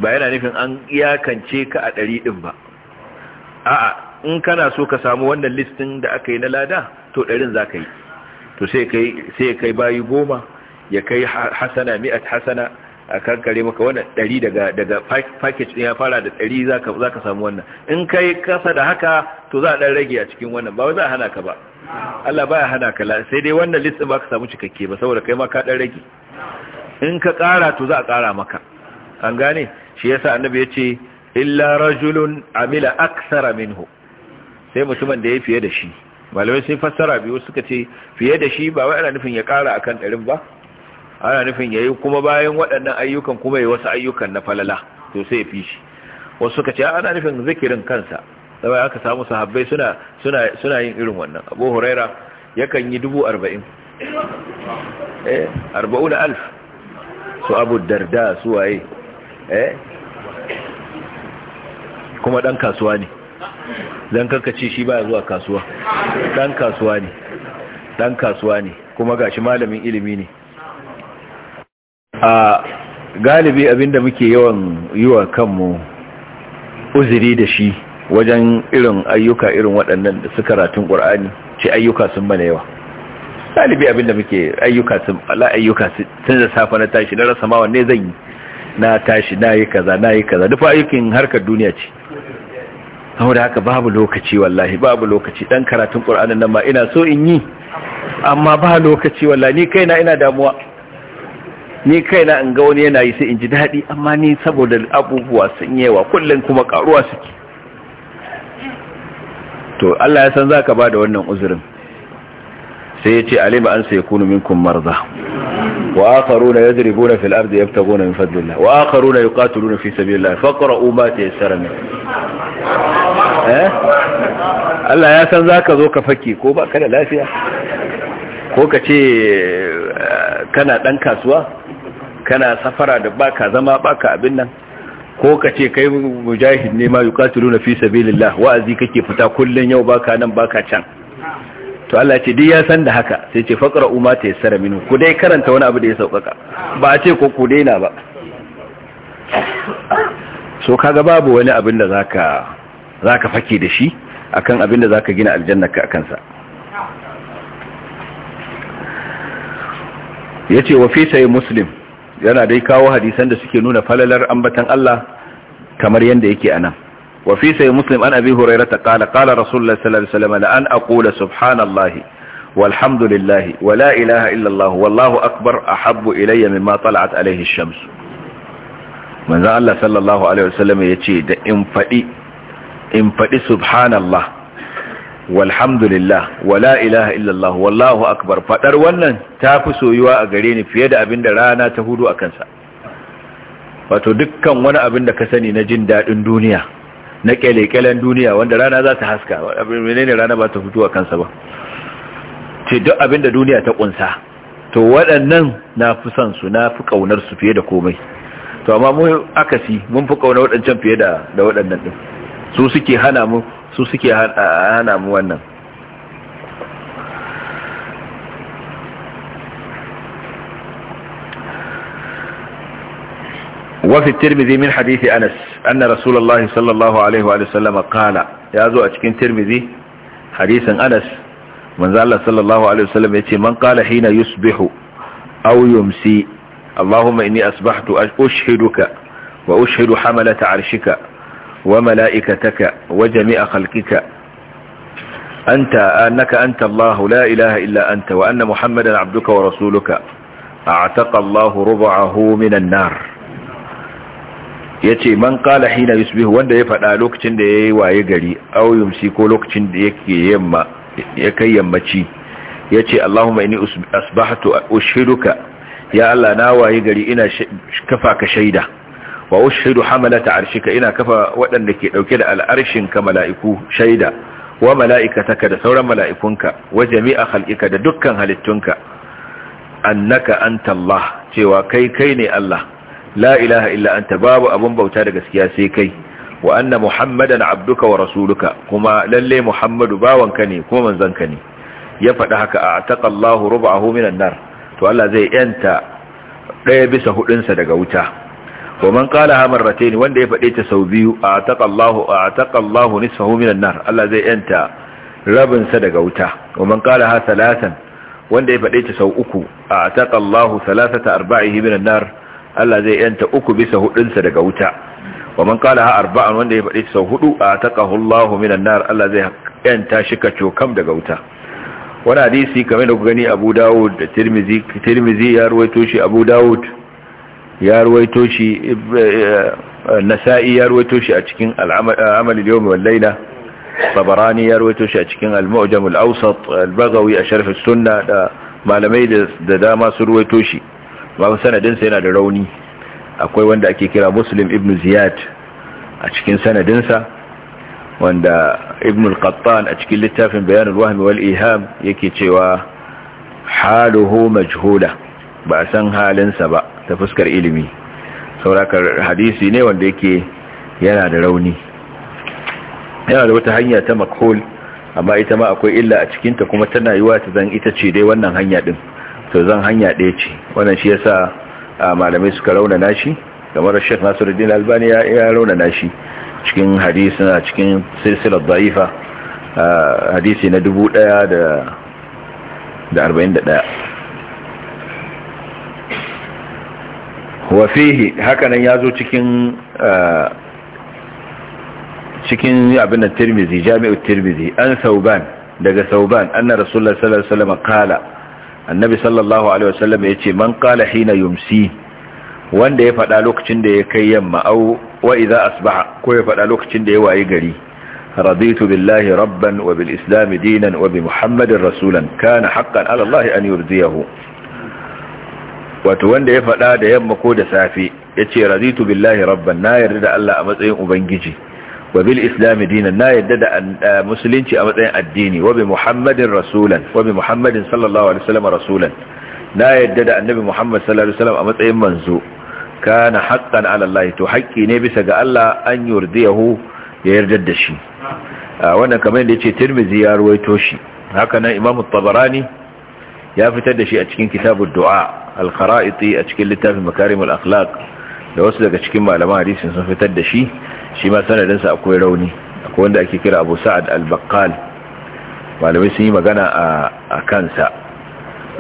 ba yana nufin an iyakance ka a ɗari ɗin ba a'a in kana so ka samu wannan listin da aka yi na lada to ɗarin za ka yi to sai kai bayi goma ya kai hasana mi'at hasana a kankare maka wannan ɗari daga pakej package ya fara da ɗari za ka samu wannan in ka yi kasa da haka to za a ɗan rage a cikin wannan ba za a hana ka ba Allah baya hana ka sai dai wannan listin ba ka samu cikakke ba saboda kai ma ka ɗan rage in ka ƙara to za a ƙara maka an gane shi yasa annabi ya ce illa rajulun amila aksara minhu sai mutumin da ya fiye da shi malamai sai fassara biyu suka ce fiye da shi ba wai ana nufin ya ƙara akan ɗarin ba ana nufin yayi kuma bayan waɗannan ayyukan kuma yayi wasu ayyukan na falala to sai ya fi shi wasu suka ce ana nufin zikirin kansa sai aka samu sahabbai suna suna suna yin irin wannan Abu Huraira yakan yi 40 eh 40000 su Abu Darda su waye eh kuma dan kasuwa ne dan karkace shi baya zuwa kasuwa dan kasuwa ne dan kasuwa ne kuma gashi malamin ilimi ne a galibi abinda muke yawan yi wa kanmu uzuri da shi wajen irin ayyuka irin waɗannan da suka ratun ƙur'ani ce ayyuka sun mana yawa galibi abinda muke ayyuka sun ala ayyuka sun da safa na tashi na rasa mawa ne zan yi na tashi na yi kaza na yi kaza dufa ayyukin harkar duniya ce da haka babu lokaci wallahi babu lokaci dan karatun qur'anin nan ma ina so in yi amma ba lokaci wallahi ni kaina ina damuwa ni kaina in ga wani yana yi sai in ji daɗi amma ni saboda abubuwa sun yawa kullum kuma karuwa suke to Allah ya san zaka ba da wannan uzurin sai ya ce alima an sai kunu minkum marza wa akharuna yadribuna fil ardi yabtaguna min fadlillah wa akharuna yuqatiluna fi sabilillah faqra'u ma tayassara min eh Allah ya san zaka zo ka faki ko ba ka da lafiya ko ka ce eh, kana dan kasuwa kana safara da baka zama baka abin nan ko ka ce kai mujahid ne ma na fi sabilillah wa'azi kake fita kullun yau baka nan baka can to Allah ce duk ya san da haka sai ce faqra umma ta yassara minhu ku dai karanta wani abu da ya saukaka ba a ce ko ku daina ba so kaga babu wani abin da zaka zaka fake da shi akan abin da zaka gina aljannaka akan sa yace wa fi sai muslim yana dai kawo hadisan da suke nuna falalar ambatan Allah kamar yanda yake anan wa fi sai muslim an abi hurairah ta qala qala rasulullah sallallahu alaihi wasallam an akula, subhanallahi walhamdulillahi wa la ilaha illa wallahu akbar ahabbu ilayya mimma tala'at alayhi ash-shams manzo Allah sallallahu alaihi wasallam ce da in faɗi, in faɗi subhanallah walhamdulillah wala ilaha illallah wallahu akbar fadar wannan ta fi soyuwa a gare ni fiye da abin da rana ta hudu a kansa wato dukkan wani abin da ka sani na jin daɗin duniya na kyalekyalen duniya wanda rana za ta haska menene rana ba ta hudu a kansa ba ce duk abin da duniya ta kunsa to waɗannan na fi son su na fi ƙaunar su fiye da komai to amma mu akasi mun fi ƙaunar waɗancan fiye da waɗannan ɗin su suke hana mu su suke hana mu wannan wafi tirmizi min hadithi anas anna rasulallahi sallallahu alaihi wa sallama kala ya zo a cikin tirmizi hadisin anas manzala sallallahu alaihi wa sallama ya ce man kala hina yusbihu au yumsi allahumma ini asbahtu ushiduka wa ushidu hamalata arshika وملائكتك وجميع خلقك أنت أنك أنت الله لا إله إلا أنت وأن محمدا عبدك ورسولك أعتق الله ربعه من النار yace man qala hina yusbihu wanda ya fada lokacin da yayi waye gari aw yumsi ko lokacin da yake yamma ya kai yammaci yace allahumma inni asbahtu ashhiduka ya allah na waye gari ina kafa ka shaida hamala ta arshi ka ina kafa waɗanda ke ɗauke da al'arshinka mala'iku shaida wa mala'ikataka da sauran mala'ikunka wa jami'a khalqika da dukkan halittunka annaka anta Allah cewa kai kai ne Allah la ilaha illa anta babu abun bauta da gaskiya sai kai wa anna muhammadan abduka wa rasuluka kuma lalle muhammadu bawanka ne kuma manzanka ne ya faɗi haka a taqallahu rub'ahu minan nar to Allah zai yanta ɗaya bisa huɗunsa daga wuta wa man qala ha marratayn wanda ya fade ta sau biyu a taqallahu a taqallahu nisfahu minan nar Allah zai yanta daga wuta wa man qala ha thalathan wanda ya ta sau uku a taqallahu thalathata arba'ihi minan nar Allah zai yanta uku bisa hudun sa daga wuta wa man qala ha arba'an wanda ya ta sau hudu a taqahu minan nar Allah zai yanta shi cokam daga wuta wani hadisi kamar da ku gani Abu Dawud da Tirmizi. ya ruwaito shi Abu Dawud ya ruwaito shi eh, nasa'i ya ruwaito shi a cikin al'amal al-yawmi wal layla ya ruwaito shi a cikin al-mu'jam al-awsat al a sharh sunna da malamai da dama su ruwaito shi ba sanadinsa yana da rauni akwai wanda ake kira muslim ibn ziyad a cikin sanadinsa wanda ibn al-qattan a cikin littafin bayanin wahmi wal iham yake cewa haluhu majhula ba a san halinsa ba ta fuskar ilimi saurakar hadisi ne wanda yake yana da rauni yana da wata hanya ta makhul amma ita ma akwai illa a cikinta kuma tana yiwa ta zan ita ce dai wannan hanya din to zan hanya ɗaya ce wannan shi yasa malamai suka rauna nashi kamar Sheikh Nasiruddin Albani ya raunana shi cikin hadisi na cikin silsilar da'ifa hadisi na 1041 wafihi hakanan ya zo cikin ah, cikin abin da tirmizi jami'ar tirmizi an sauban daga sauban anna rasulullah sallallahu alaihi wasallam kala annabi sallallahu alaihi wasallam yace man kala hina yumsi wanda ya fada lokacin da ya kai yamma au wa idza asbaha ko ya fada lokacin da ya wayi gari raditu billahi rabban wa bil islam dinan wa bi muhammadin rasulan kana haqqan ala allah an yurdiyahu wato wanda ya faɗa da yamma ko da safe ya ce razitu billahi rabban na yarda da Allah a matsayin ubangiji wa bil islami dinan na yarda da musulunci a matsayin addini wa bi muhammadin rasulan wa bi muhammadin sallallahu alaihi wasallam rasulan na yarda da annabi muhammad sallallahu alaihi wasallam a matsayin manzo kana haqqan ala Allah to haƙƙi ne bisa ga Allah an yurdiyahu ya yarda da shi wannan kamar yadda yace Tirmidhi ya ruwaito shi haka nan Imam Tabarani ya fitar da shi a cikin kitabud du'a al-kharaiti a cikin littafin makarim al-akhlaq da wasu daga cikin malaman hadisin sun fitar da shi shi ma sanadinsa akwai rauni akwai wanda ake kira abu sa'ad al-baqqal malamai sun yi magana a kansa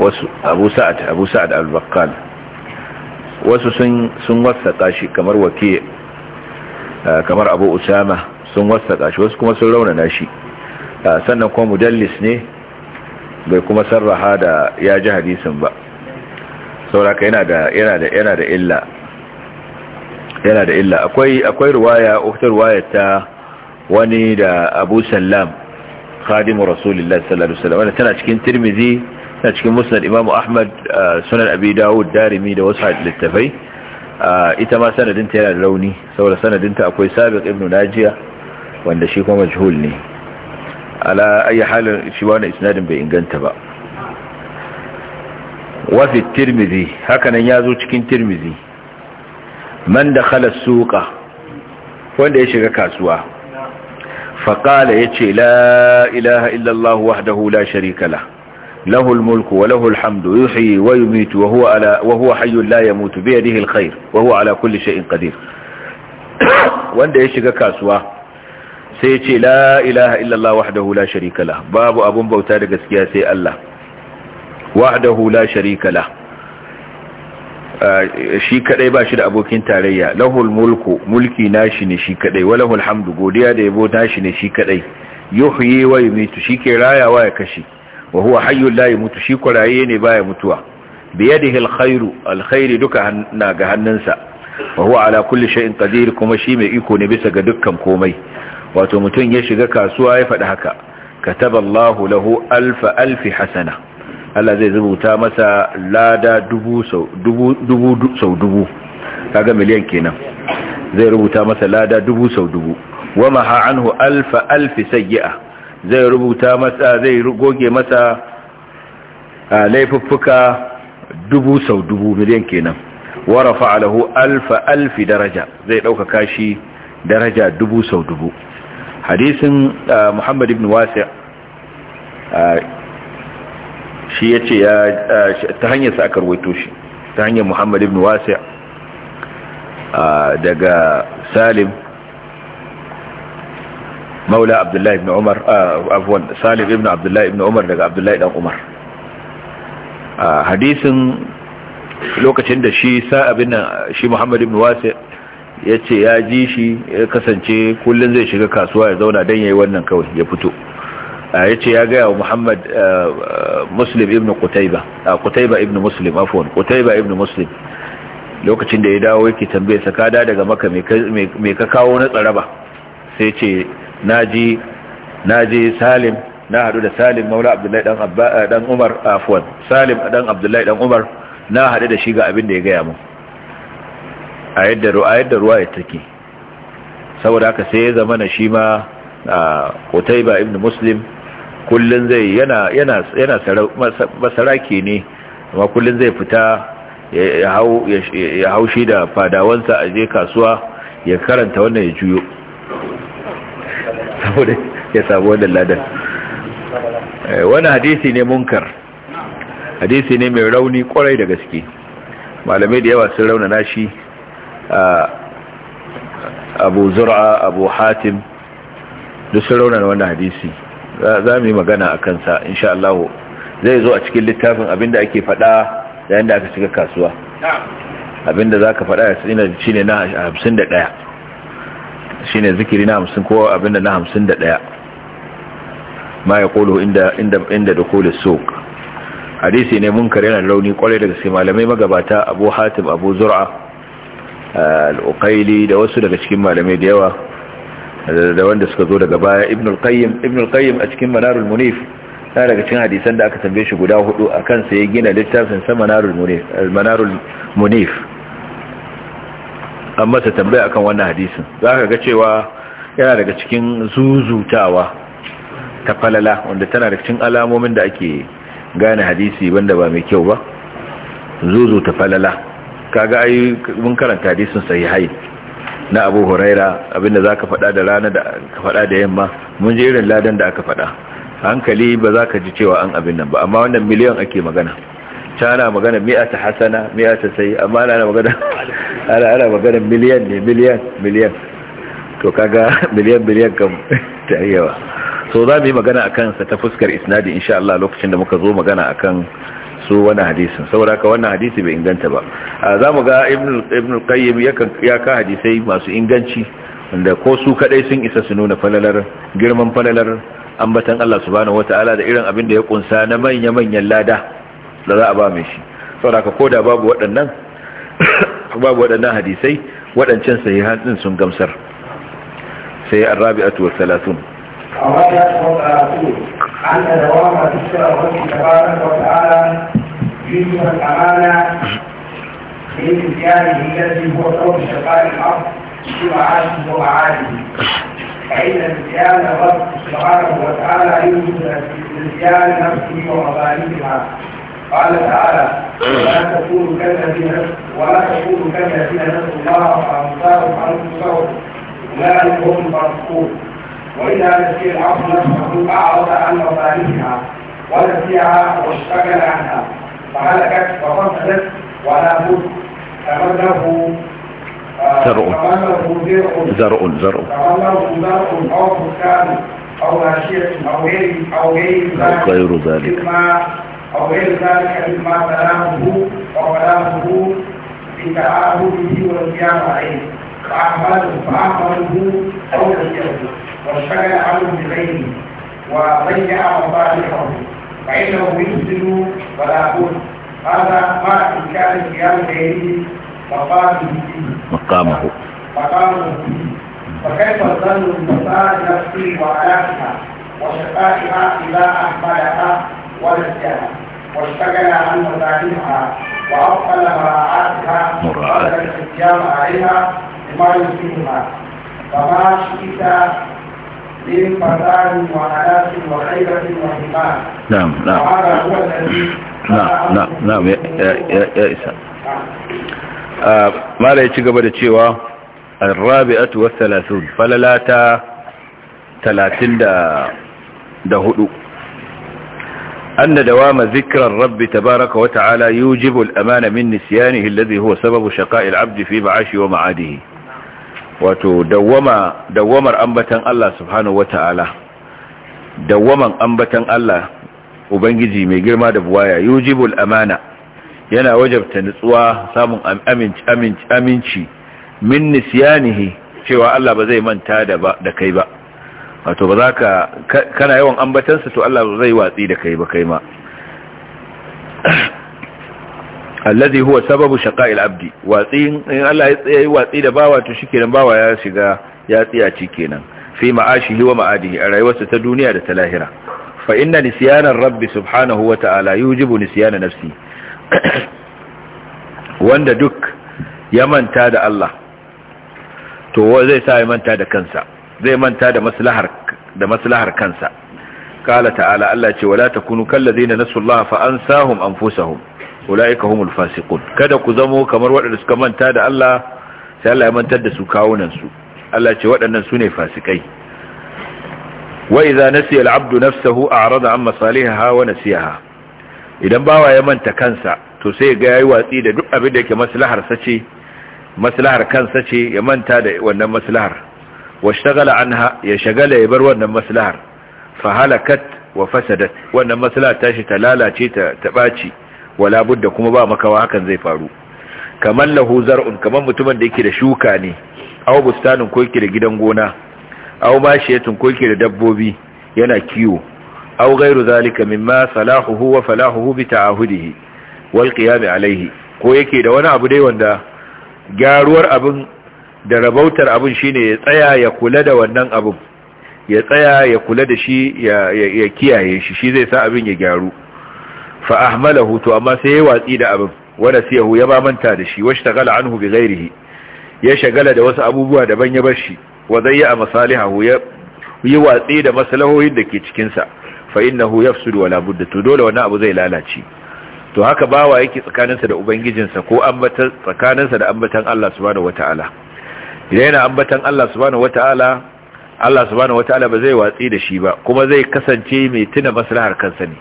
wasu abu sa'ad abu sa'ad al-baqqal wasu sun sun wasaka shi kamar wake kamar abu usama sun wasaka shi wasu kuma sun raunana shi sannan kuma mudallis ne bai kuma sarraha da ya ji hadisin ba sauraka yana da yana da yana da illa yana da illa akwai akwai riwaya ukhtar riwaya ta wani da Abu Sallam khadimu Rasulullah sallallahu alaihi wasallam tana cikin Tirmidhi tana cikin Musnad Imam Ahmad uh, Sunan Abi Dawud Darimi da wasu littafai uh, ita ma sanadinta yana da rauni saboda sanadinta akwai Sabiq ibn Najiya wanda shi kuma majhul ne ala ayi halin shi wannan isnadin bai inganta ba wafi tirmizi hakanan ya zo cikin tirmizi man da khalas suka wanda ya shiga kasuwa faƙala ya ce la ilaha illallah wahdahu la sharika la lahul mulku wa lahul hamdu yuhyi wa yumitu wa huwa ala wa huwa hayyun la yamutu bi yadihi alkhair wa huwa ala kulli shay'in qadir wanda ya shiga kasuwa sai ya ce la ilaha illallah wahdahu la sharika la babu abun bauta da gaskiya sai Allah wahdahu la sharika la eh, shi kadai ba shi da abokin tarayya lahul mulku mulki nashi ne shi kadai wa hamdu godiya da yabo nashi ne shi kadai yuhyi wa yumitu shike rayawa ya kashi wa huwa hayyul la yamutu shi kuraye ne baya mutuwa biyadihi alkhairu alkhairi duka na ga hannunsa wa huwa ala kulli shay'in qadir kuma shi mai iko ne bisa ga dukkan komai wato mutun ya shiga kasuwa ya faɗi haka kataballahu lahu alfa alfi hasana Allah zai rubuta masa lada dubu sau dubu kaga miliyan kenan zai rubuta masa lada dubu sau dubu wa maha anhu alfa alfi sayyi'a zai rubuta masa zai goge masa laifuffuka dubu sau dubu miliyan kenan wa rafa'a lahu alfa alfi daraja zai dauka kashi daraja dubu sau dubu hadisin muhammad ibn wasi' shi ya ce ta hanyar sa aka ruwaito shi ta hanyar muhammad ibn wasi' daga salim maula abdullahi ibn umar afwan salim ibn abdullahi ibn umar daga abdullahi dan umar hadisin lokacin da shi sa'abin nan shi muhammad ibn wasi' ya ce ya ji shi ya kasance kullum zai shiga kasuwa ya zauna don ya yi wannan kawai ya fito ya ce ya gaya wa muhammad muslim ibn kutaiba kutaiba ibn muslim afon kutaiba ibn muslim lokacin da ya dawo yake tambaye sakada daga maka mai ka kawo na tsaraba sai ce na je salim na hadu da salim maula abdullahi dan umar afon salim dan abdullahi dan umar na hadu da shi ga abin da ya gaya mu a yadda ruwa ya take saboda haka sai ya zama na shi ma Qutaiba ibn Muslim kullun zai yana masaraki ne amma kullun zai fita ya haushi da fadawansa a je kasuwa ya karanta wannan ya juyo saboda ya samu wannan ladan eh, Wani hadisi ne munkar hadisi ne mai rauni kwarai da gaske malamai da yawa sun raunana shi abu zura abu hatim duk sun raunana wannan hadisi za mu yi magana a kansa insha Allah zai zo a cikin littafin abinda ake faɗa da yanda aka shiga kasuwa abinda za ka faɗa shi ne na hamsin da ɗaya shi ne zikiri na hamsin ko abinda na hamsin da ɗaya ma ya kolo inda da kolo sok hadisi ne mun kare na launi kwarai daga sai malamai magabata abu hatim abu zura al'ukaili da wasu daga cikin malamai da yawa da wanda suka zo daga baya ibn al-qayyim ibn al-qayyim a cikin manarul munif na daga cikin hadisan da aka tambaye shi guda hudu akan sa ya gina littafin sa manarul munif manarul munif amma sa tambaye akan wannan hadisin zaka ga cewa yana daga cikin zuzutawa ta falala wanda tana daga cikin alamomin da ake gane hadisi wanda ba mai kyau ba ta falala kaga ai mun karanta hadisin sahihai na abu huraira abinda za ka fada da rana da ka fada da yamma mun je irin ladan da aka fada hankali ba za ka ji cewa an abin nan ba amma wannan miliyan ake magana tana magana mi'ata hasana mi'ata sai amma ana magana ana ana magana miliyan ne miliyan miliyan to kaga miliyan miliyan kam ta yawa so za mu yi magana akan sa ta fuskar isnadi insha Allah lokacin da muka zo magana akan su wani hadisi, saboda ka wannan hadisi bai inganta ba za mu ga ibn qayyim ya ka hadisai masu inganci wanda ko su kadai sun isa su nuna falalar girman falalar ambatan Allah subhanahu wataala da irin abin da ya kunsa na manya-manyan lada da za a ba mai shi saboda ka koda babu waɗannan babu waɗannan hadisai waɗancan sahihan din sun gamsar sai ar-rabi'atu was-salatun أولا وثلاثون أن دوام الشرع الرب تبارك وتعالى يجب الأمانة بامتيانه الذي هو طور شقاء الأرض في معاشه ومعاده فإن امتيان الرب سبحانه وتعالى يوجب امتيان نفسه ومظالمها قال تعالى ولا تكون كذا ولا تكونوا كالذين نسوا الله فانصاروا انفسهم اولئك هم الفاسقون وإلى نسي العبد نفسه أعرض عن مصالحها ونسيها واشتغل عنها فهلكت وفسدت ولا بد تمنه آه، زرع زرع زرع زرع أو بستان أو ماشية أو غير أو غير ذلك غير ذلك أو غير ذلك مما بلاغه وبلاغه بتعاهده والقيام عليه فأعمله فأعمله أو نسيته واشتغل عنه بغيره وضيع مصالحه فإنه يفسد ولا بد هذا ان كان قيام غيره مقامه فيه مقامه مقامه فيه فكيف الظن بمصالح نفسه وعلاقها وشقائها إذا أهملها ونسيها واشتغل عن مصالحها وأبطل مراعاتها قبل الحجام عليها لما يسلمها فما شئت نعم نعم نعم نعم نعم يا يا يا آه، ما لا يجي قبل تشيوا الرابعة والثلاثون فللاتا ثلاثين دا دهدو أن دوام ذكر الرب تبارك وتعالى يوجب الأمان من نسيانه الذي هو سبب شقاء العبد في معاشه ومعاده wato dawwamar ambatan Allah subhanahu wata'ala dawwaman ambatan Allah ubangiji mai girma da buwaya yujibul amana yana wajabta nutsuwa samun aminci aminci aminci min nisyanihi cewa Allah ba zai manta da ba da kai ba wato ba za ka kana yawan ambatansa to Allah zai watsi da kai ba kai ma allazi huwa sababu shaqa'il abdi watsi in Allah ya tsaye watsi da bawa to shikenan bawa ya shiga ya tsiya ci kenan fi ma'ashihi wa ma'adihi a rayuwarsa ta duniya da ta lahira fa inna nisyana rabbi subhanahu wa ta'ala yujibu nisyana nafsi wanda duk ya manta da Allah to zai sa ya manta da kansa zai manta da maslahar da maslahar kansa qala ta'ala Allah ce wala takunu kallazina na Allah fa ansahum anfusahum ulaika humul fasiqun kada ku zamo kamar waɗanda suka manta da Allah sai Allah ya mantar da su kawunan su Allah ce waɗannan su ne fasikai wa idza nasiya al-abdu nafsahu a'rada an masalihaha wa nasiyaha idan bawa ya manta kansa to sai ga yayi watsi da duk abin da yake maslahar sa ce maslahar kansa ce ya manta da wannan maslahar washtagala anha ya shagala ya bar wannan maslahar fa halakat wa fasadat wannan maslahar tashi ta lalace ta ta wala budda kuma ba makawa hakan zai faru kamar lahu zar'un kamar mutumin da yake da shuka ne aw bustanin ko yake da gidan gona aw mashiyatun ko yake da dabbobi yana kiwo aw ghairu zalika mimma salahuhu wa falahuhu bi ta'ahudihi wal qiyam alayhi ko yake da wani abu dai wanda gyaruwar abin da rabautar abin shine ya tsaya ya kula da wannan abin ya tsaya ya kula da shi ya kiyaye shi shi zai sa abin ya gyaru fa ahmalahu to amma sai ya watsi da abin wa nasiyahu ya ba manta da shi washtagala anhu bi ghairihi ya shagala da wasu abubuwa daban ya bar shi wa zayya masalihahu ya yi watsi da maslahohin da ke cikin sa fa innahu yafsudu wala budda to dole wannan abu zai lalace to haka ba bawa yake tsakaninsa da ubangijinsa ko ambatan tsakaninsa da ambatan Allah subhanahu wataala idan yana ambatan Allah subhanahu wataala Allah subhanahu wataala ba zai watsi da shi ba kuma zai kasance mai tuna maslahar kansa ne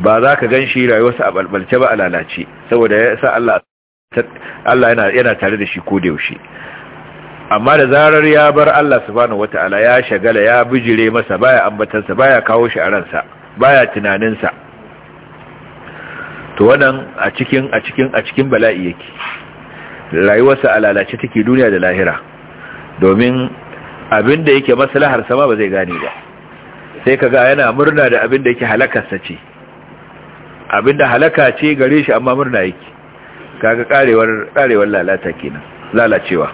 ba za ka gan shi rayuwarsa a balbalce ba a lalace saboda ya sa Allah yana tare da shi ko da yaushe amma da zarar ya bar Allah subhanahu wata'ala ya shagala ya bijire masa baya ambatansa baya kawo shi a ransa baya tunaninsa to wannan a cikin a cikin a cikin bala'i yake rayuwarsa a lalace take duniya da lahira domin abin da yake maslahar sama ba zai gane ba sai kaga yana murna da abin da yake halakarsa ce Abin da halaka ce gare shi amma murna yake kaga karewar karewar lalata kenan lalacewa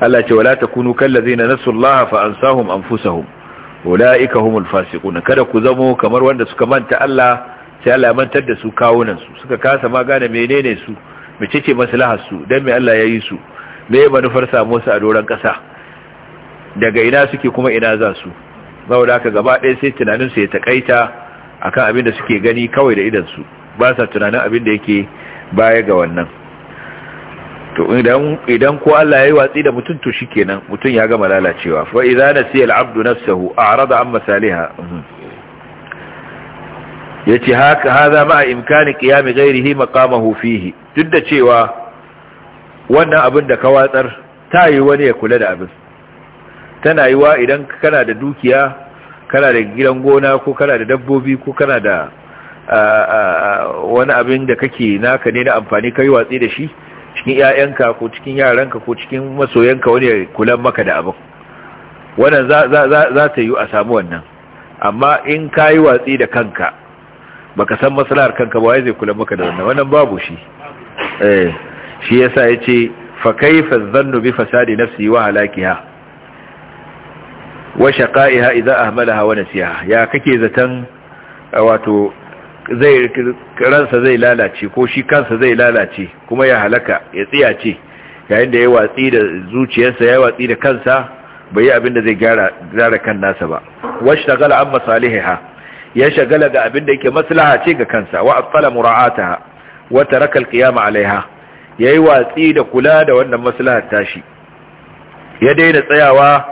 Allah ce wala takunu kallazina nasullaha fa ansahum anfusahum ulaika humul fasiqun kada ku zamo kamar wanda suka manta Allah sai Allah ya mantar da su kawunan su suka kasa ma gane menene su mece ce maslahar su dan me Allah ya yi su me manufar samu su a doran kasa daga ina suke kuma ina za su saboda haka gaba ɗaya sai tunanin su ya takaita akan abin da suke gani kawai da idansu ba sa tunanin abin da yake baya ga wannan to idan ko Allah ya yi watsi da mutum to shikenan mutum ya gama lalacewa fa idza nasiya al-abdu nafsuhu a'rada an masaliha mhm. yace haka hada ma imkani qiyam ghairihi maqamahu fihi duk da cewa wannan abin da ka watsar ta wani ya kula da abin tana yiwa idan kana da dukiya kana da gidan gona ko kana da dabbobi ko kana da wani abin da kake naka ne na amfani kai watsi da shi cikin 'ya'yanka ko cikin yaranka ko cikin masoyanka wani kulan maka da abin wannan za ta yi a samu wannan amma in ka yi watsi da kanka baka san maslahar kanka ba wai zai kula maka da wannan wannan babu shi eh shi yasa yace fa kayfa dhannu bi fasadi nafsi wa halakiha wa shaqa'iha idza ahmalaha wa nasiha ya kake zatan wato zai ransa zai lalace ko shi kansa zai lalace kuma ya halaka ya tsiyace yayin da ya watsi da zuciyarsa ya watsi da kansa bai yi abin da zai gyara gyara kan nasa ba washtaghala an masalihiha ya shagala ga abin da yake maslaha ce ga kansa wa afsala mura'ataha wa taraka alqiyam alaiha yayi watsi da kula da wannan maslahar tashi ya daina tsayawa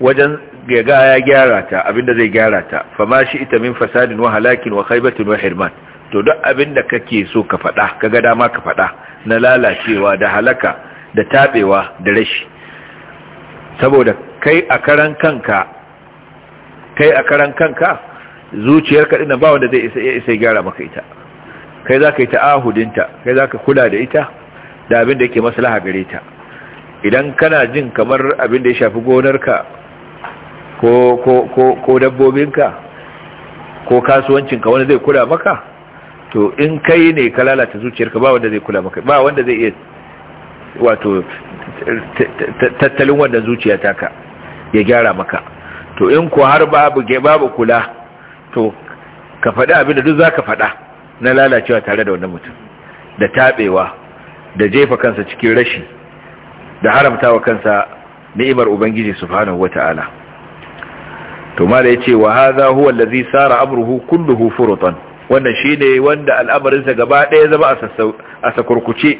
wajen ya ga ya gyara ta abinda zai gyara ta fa ma shi ita min fasadin wa halakin wa khaibatin wa hirman to duk abinda kake so ka faɗa kaga dama ka faɗa na lalacewa da halaka da tabewa da rashi saboda kai a karan kanka kai a karan kanka zuciyar zuciyarka dinnan ba wanda zai isa isa gyara maka ita kai zaka yi ta'ahudinta kai zaka kula da ita da abinda yake maslaha gare ta idan kana jin kamar abinda ya shafi gonarka ko ko ko ko dabbobinka ko kasuwancinka wani zai kula maka to in kai ne ka lalata zuciyarka ba wanda zai kula maka ba wanda zai iya wato tattalin wannan zuciya taka ya gyara maka to in ku har babu babu kula to ka faɗi abinda duk za ka faɗa na lalacewa tare da wannan mutum da taɓewa, da jefa kansa cikin rashi da haramta wa kansa ni'imar ubangiji subhanahu wataala to ya ce wa hadha huwa allazi sara amruhu kulluhu furatan wannan shine wanda al'amarin sa gaba ɗaya zama a sakurkuce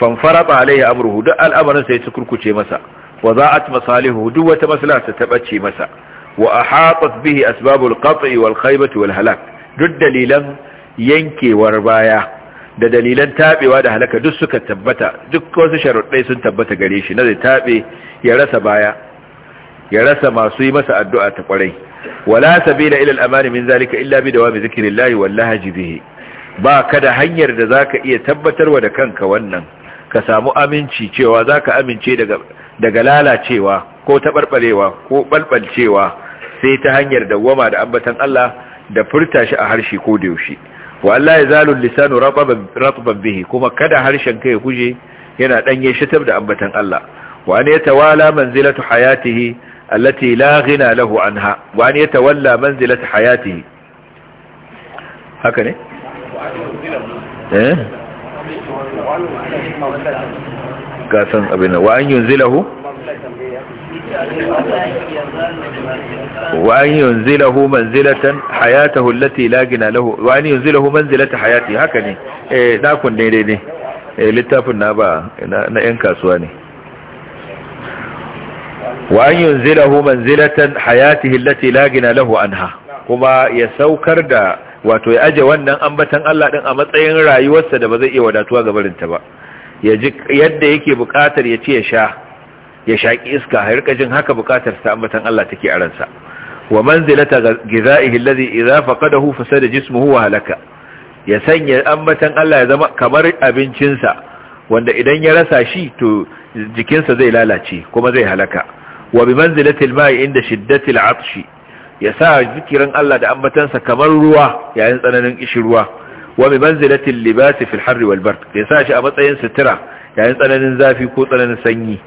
fanfarata alaihi amruhu duk al'amarin sa ya kurkuce masa wa za'at masalihu duk wata maslaha ta bace masa wa ahatat bihi asbabul qat'i wal khaybati wal halak duk dalilan yankewar baya da dalilan tabewa da halaka duk suka tabbata duk wasu sharuɗai sun tabbata gare shi na da tabe ya rasa baya ya rasa masu yi masa addu'a ta kwarai wala sabila ila al-amani min zalika illa bi dawami zikrillahi wallahi bihi ba ka da hanyar da za ka iya tabbatarwa da kanka wannan ka samu aminci cewa zaka amince daga daga lalacewa ko taɓarɓarewa ko ɓalɓalcewa sai ta hanyar dawwama da ambatan Allah da furta shi a harshe ko da yaushe wallahi Allah ya zalul lisanu bihi kuma kada harshen ka ya kuje yana danye shitab da ambatan Allah wa an yatawala manzilatu hayatihi التي لا غنى له عنها وأن يتولى منزلة حياته هكذا كاسن أبنا وأن ينزله وأن ينزله منزلة حياته التي لا غنى له وأن ينزله منزلة حياته هكذا ناكن نيني littafin na ba na 'yan kasuwa ne wa an hu manzilatan hayati allati la gina lahu anha kuma ya saukar da wato ya aje wannan ambatan Allah din a matsayin rayuwarsa da ba zai iya wadatuwa ga barinta ba ya yadda yake bukatar ya ci ya sha ya iska har rika jin haka bukatar sa ambatan Allah take a ransa wa manzilata gizaihi allazi idza faqadahu fasada jismuhu wa halaka ya sanya ambatan Allah ya zama kamar abincinsa wanda idan ya rasa shi to jikinsa zai lalace kuma zai halaka wa bi manzilatil ma'i inda shiddatil atshi ya sa zikirin Allah da ambatansa kamar ruwa yayin tsananin kishirwa wa bi manzilatil libasi fil harri wal bard ya sa shi a matsayin sutura yayin tsananin zafi ko tsananin sanyi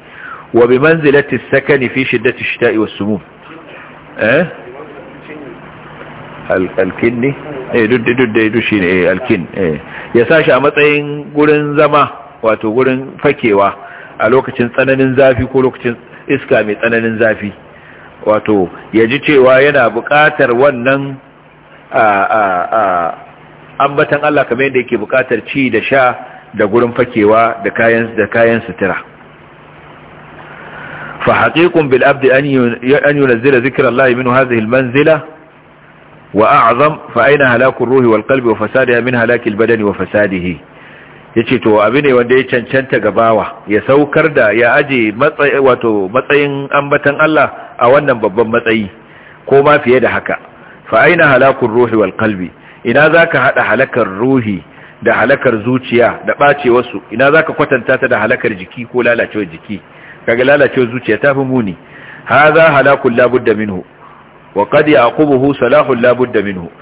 wa bi manzilatis sakani fi shiddati shita'i was sumum eh alkin ne eh duk duk da duk shine eh eh ya sa shi a matsayin gurin zama wato gurin fakewa a lokacin tsananin zafi ko lokacin iska mai tsananin zafi wato ya ji cewa yana buƙatar wannan ambatan Allah kamar yadda yake buƙatar ci da sha da gurin fakewa da kayan da kayan sutura fa haqiqun bil an yunzila zikra Allah min hadhihi al manzila wa a'zam fa aina halaku ruhi wal qalbi wa fasadaha min halaki badani wa fasadihi ya ce to abi ne wanda ya cancanta ga bawa ya saukar da ya aje wato matsayin ambatan Allah a wannan babban matsayi ko ma fiye da haka fa halakun ruhi wal qalbi ina ka haɗa halakar ruhi da halakar zuciya da bacewar su ina zaka kwatanta ta da halakar jiki ko lalacewar jiki kaga lalacewar zuciya tafi muni haza halakun la budda minhu wa qad yaqubuhu salahun la minhu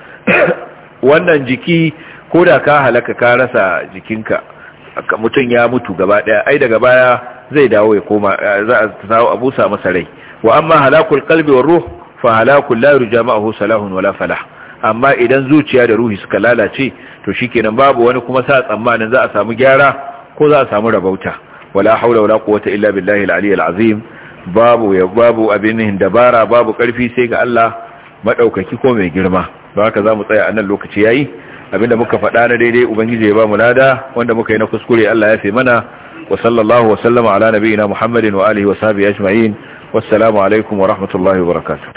wannan jiki ko da ka halaka ka rasa jikinka mutum ya mutu gaba daya ai daga baya zai dawo ya koma za a tsawo abu sa masa rai wa amma halakul qalbi ruh fa halakul la yurjama'uhu salahun wala falah amma idan zuciya da ruhi suka lalace to shikenan babu wani kuma sa tsammanin za a samu gyara ko za a samu rabauta wala haula wala quwwata illa billahi al-aliyyil azim babu ya babu abin dabara babu karfi sai ga Allah madaukaki ko mai girma don haka zamu tsaya a nan lokaci yayi abinda muka faɗa na daidai ubangiji ya ba mu lada wanda muka yi na kuskure Allah ya fi mana wa sallallahu wa sallama ala nabiyina Muhammadin wa alihi wa sahbihi ajma'in wassalamu alaikum wa rahmatullahi wa barakatuh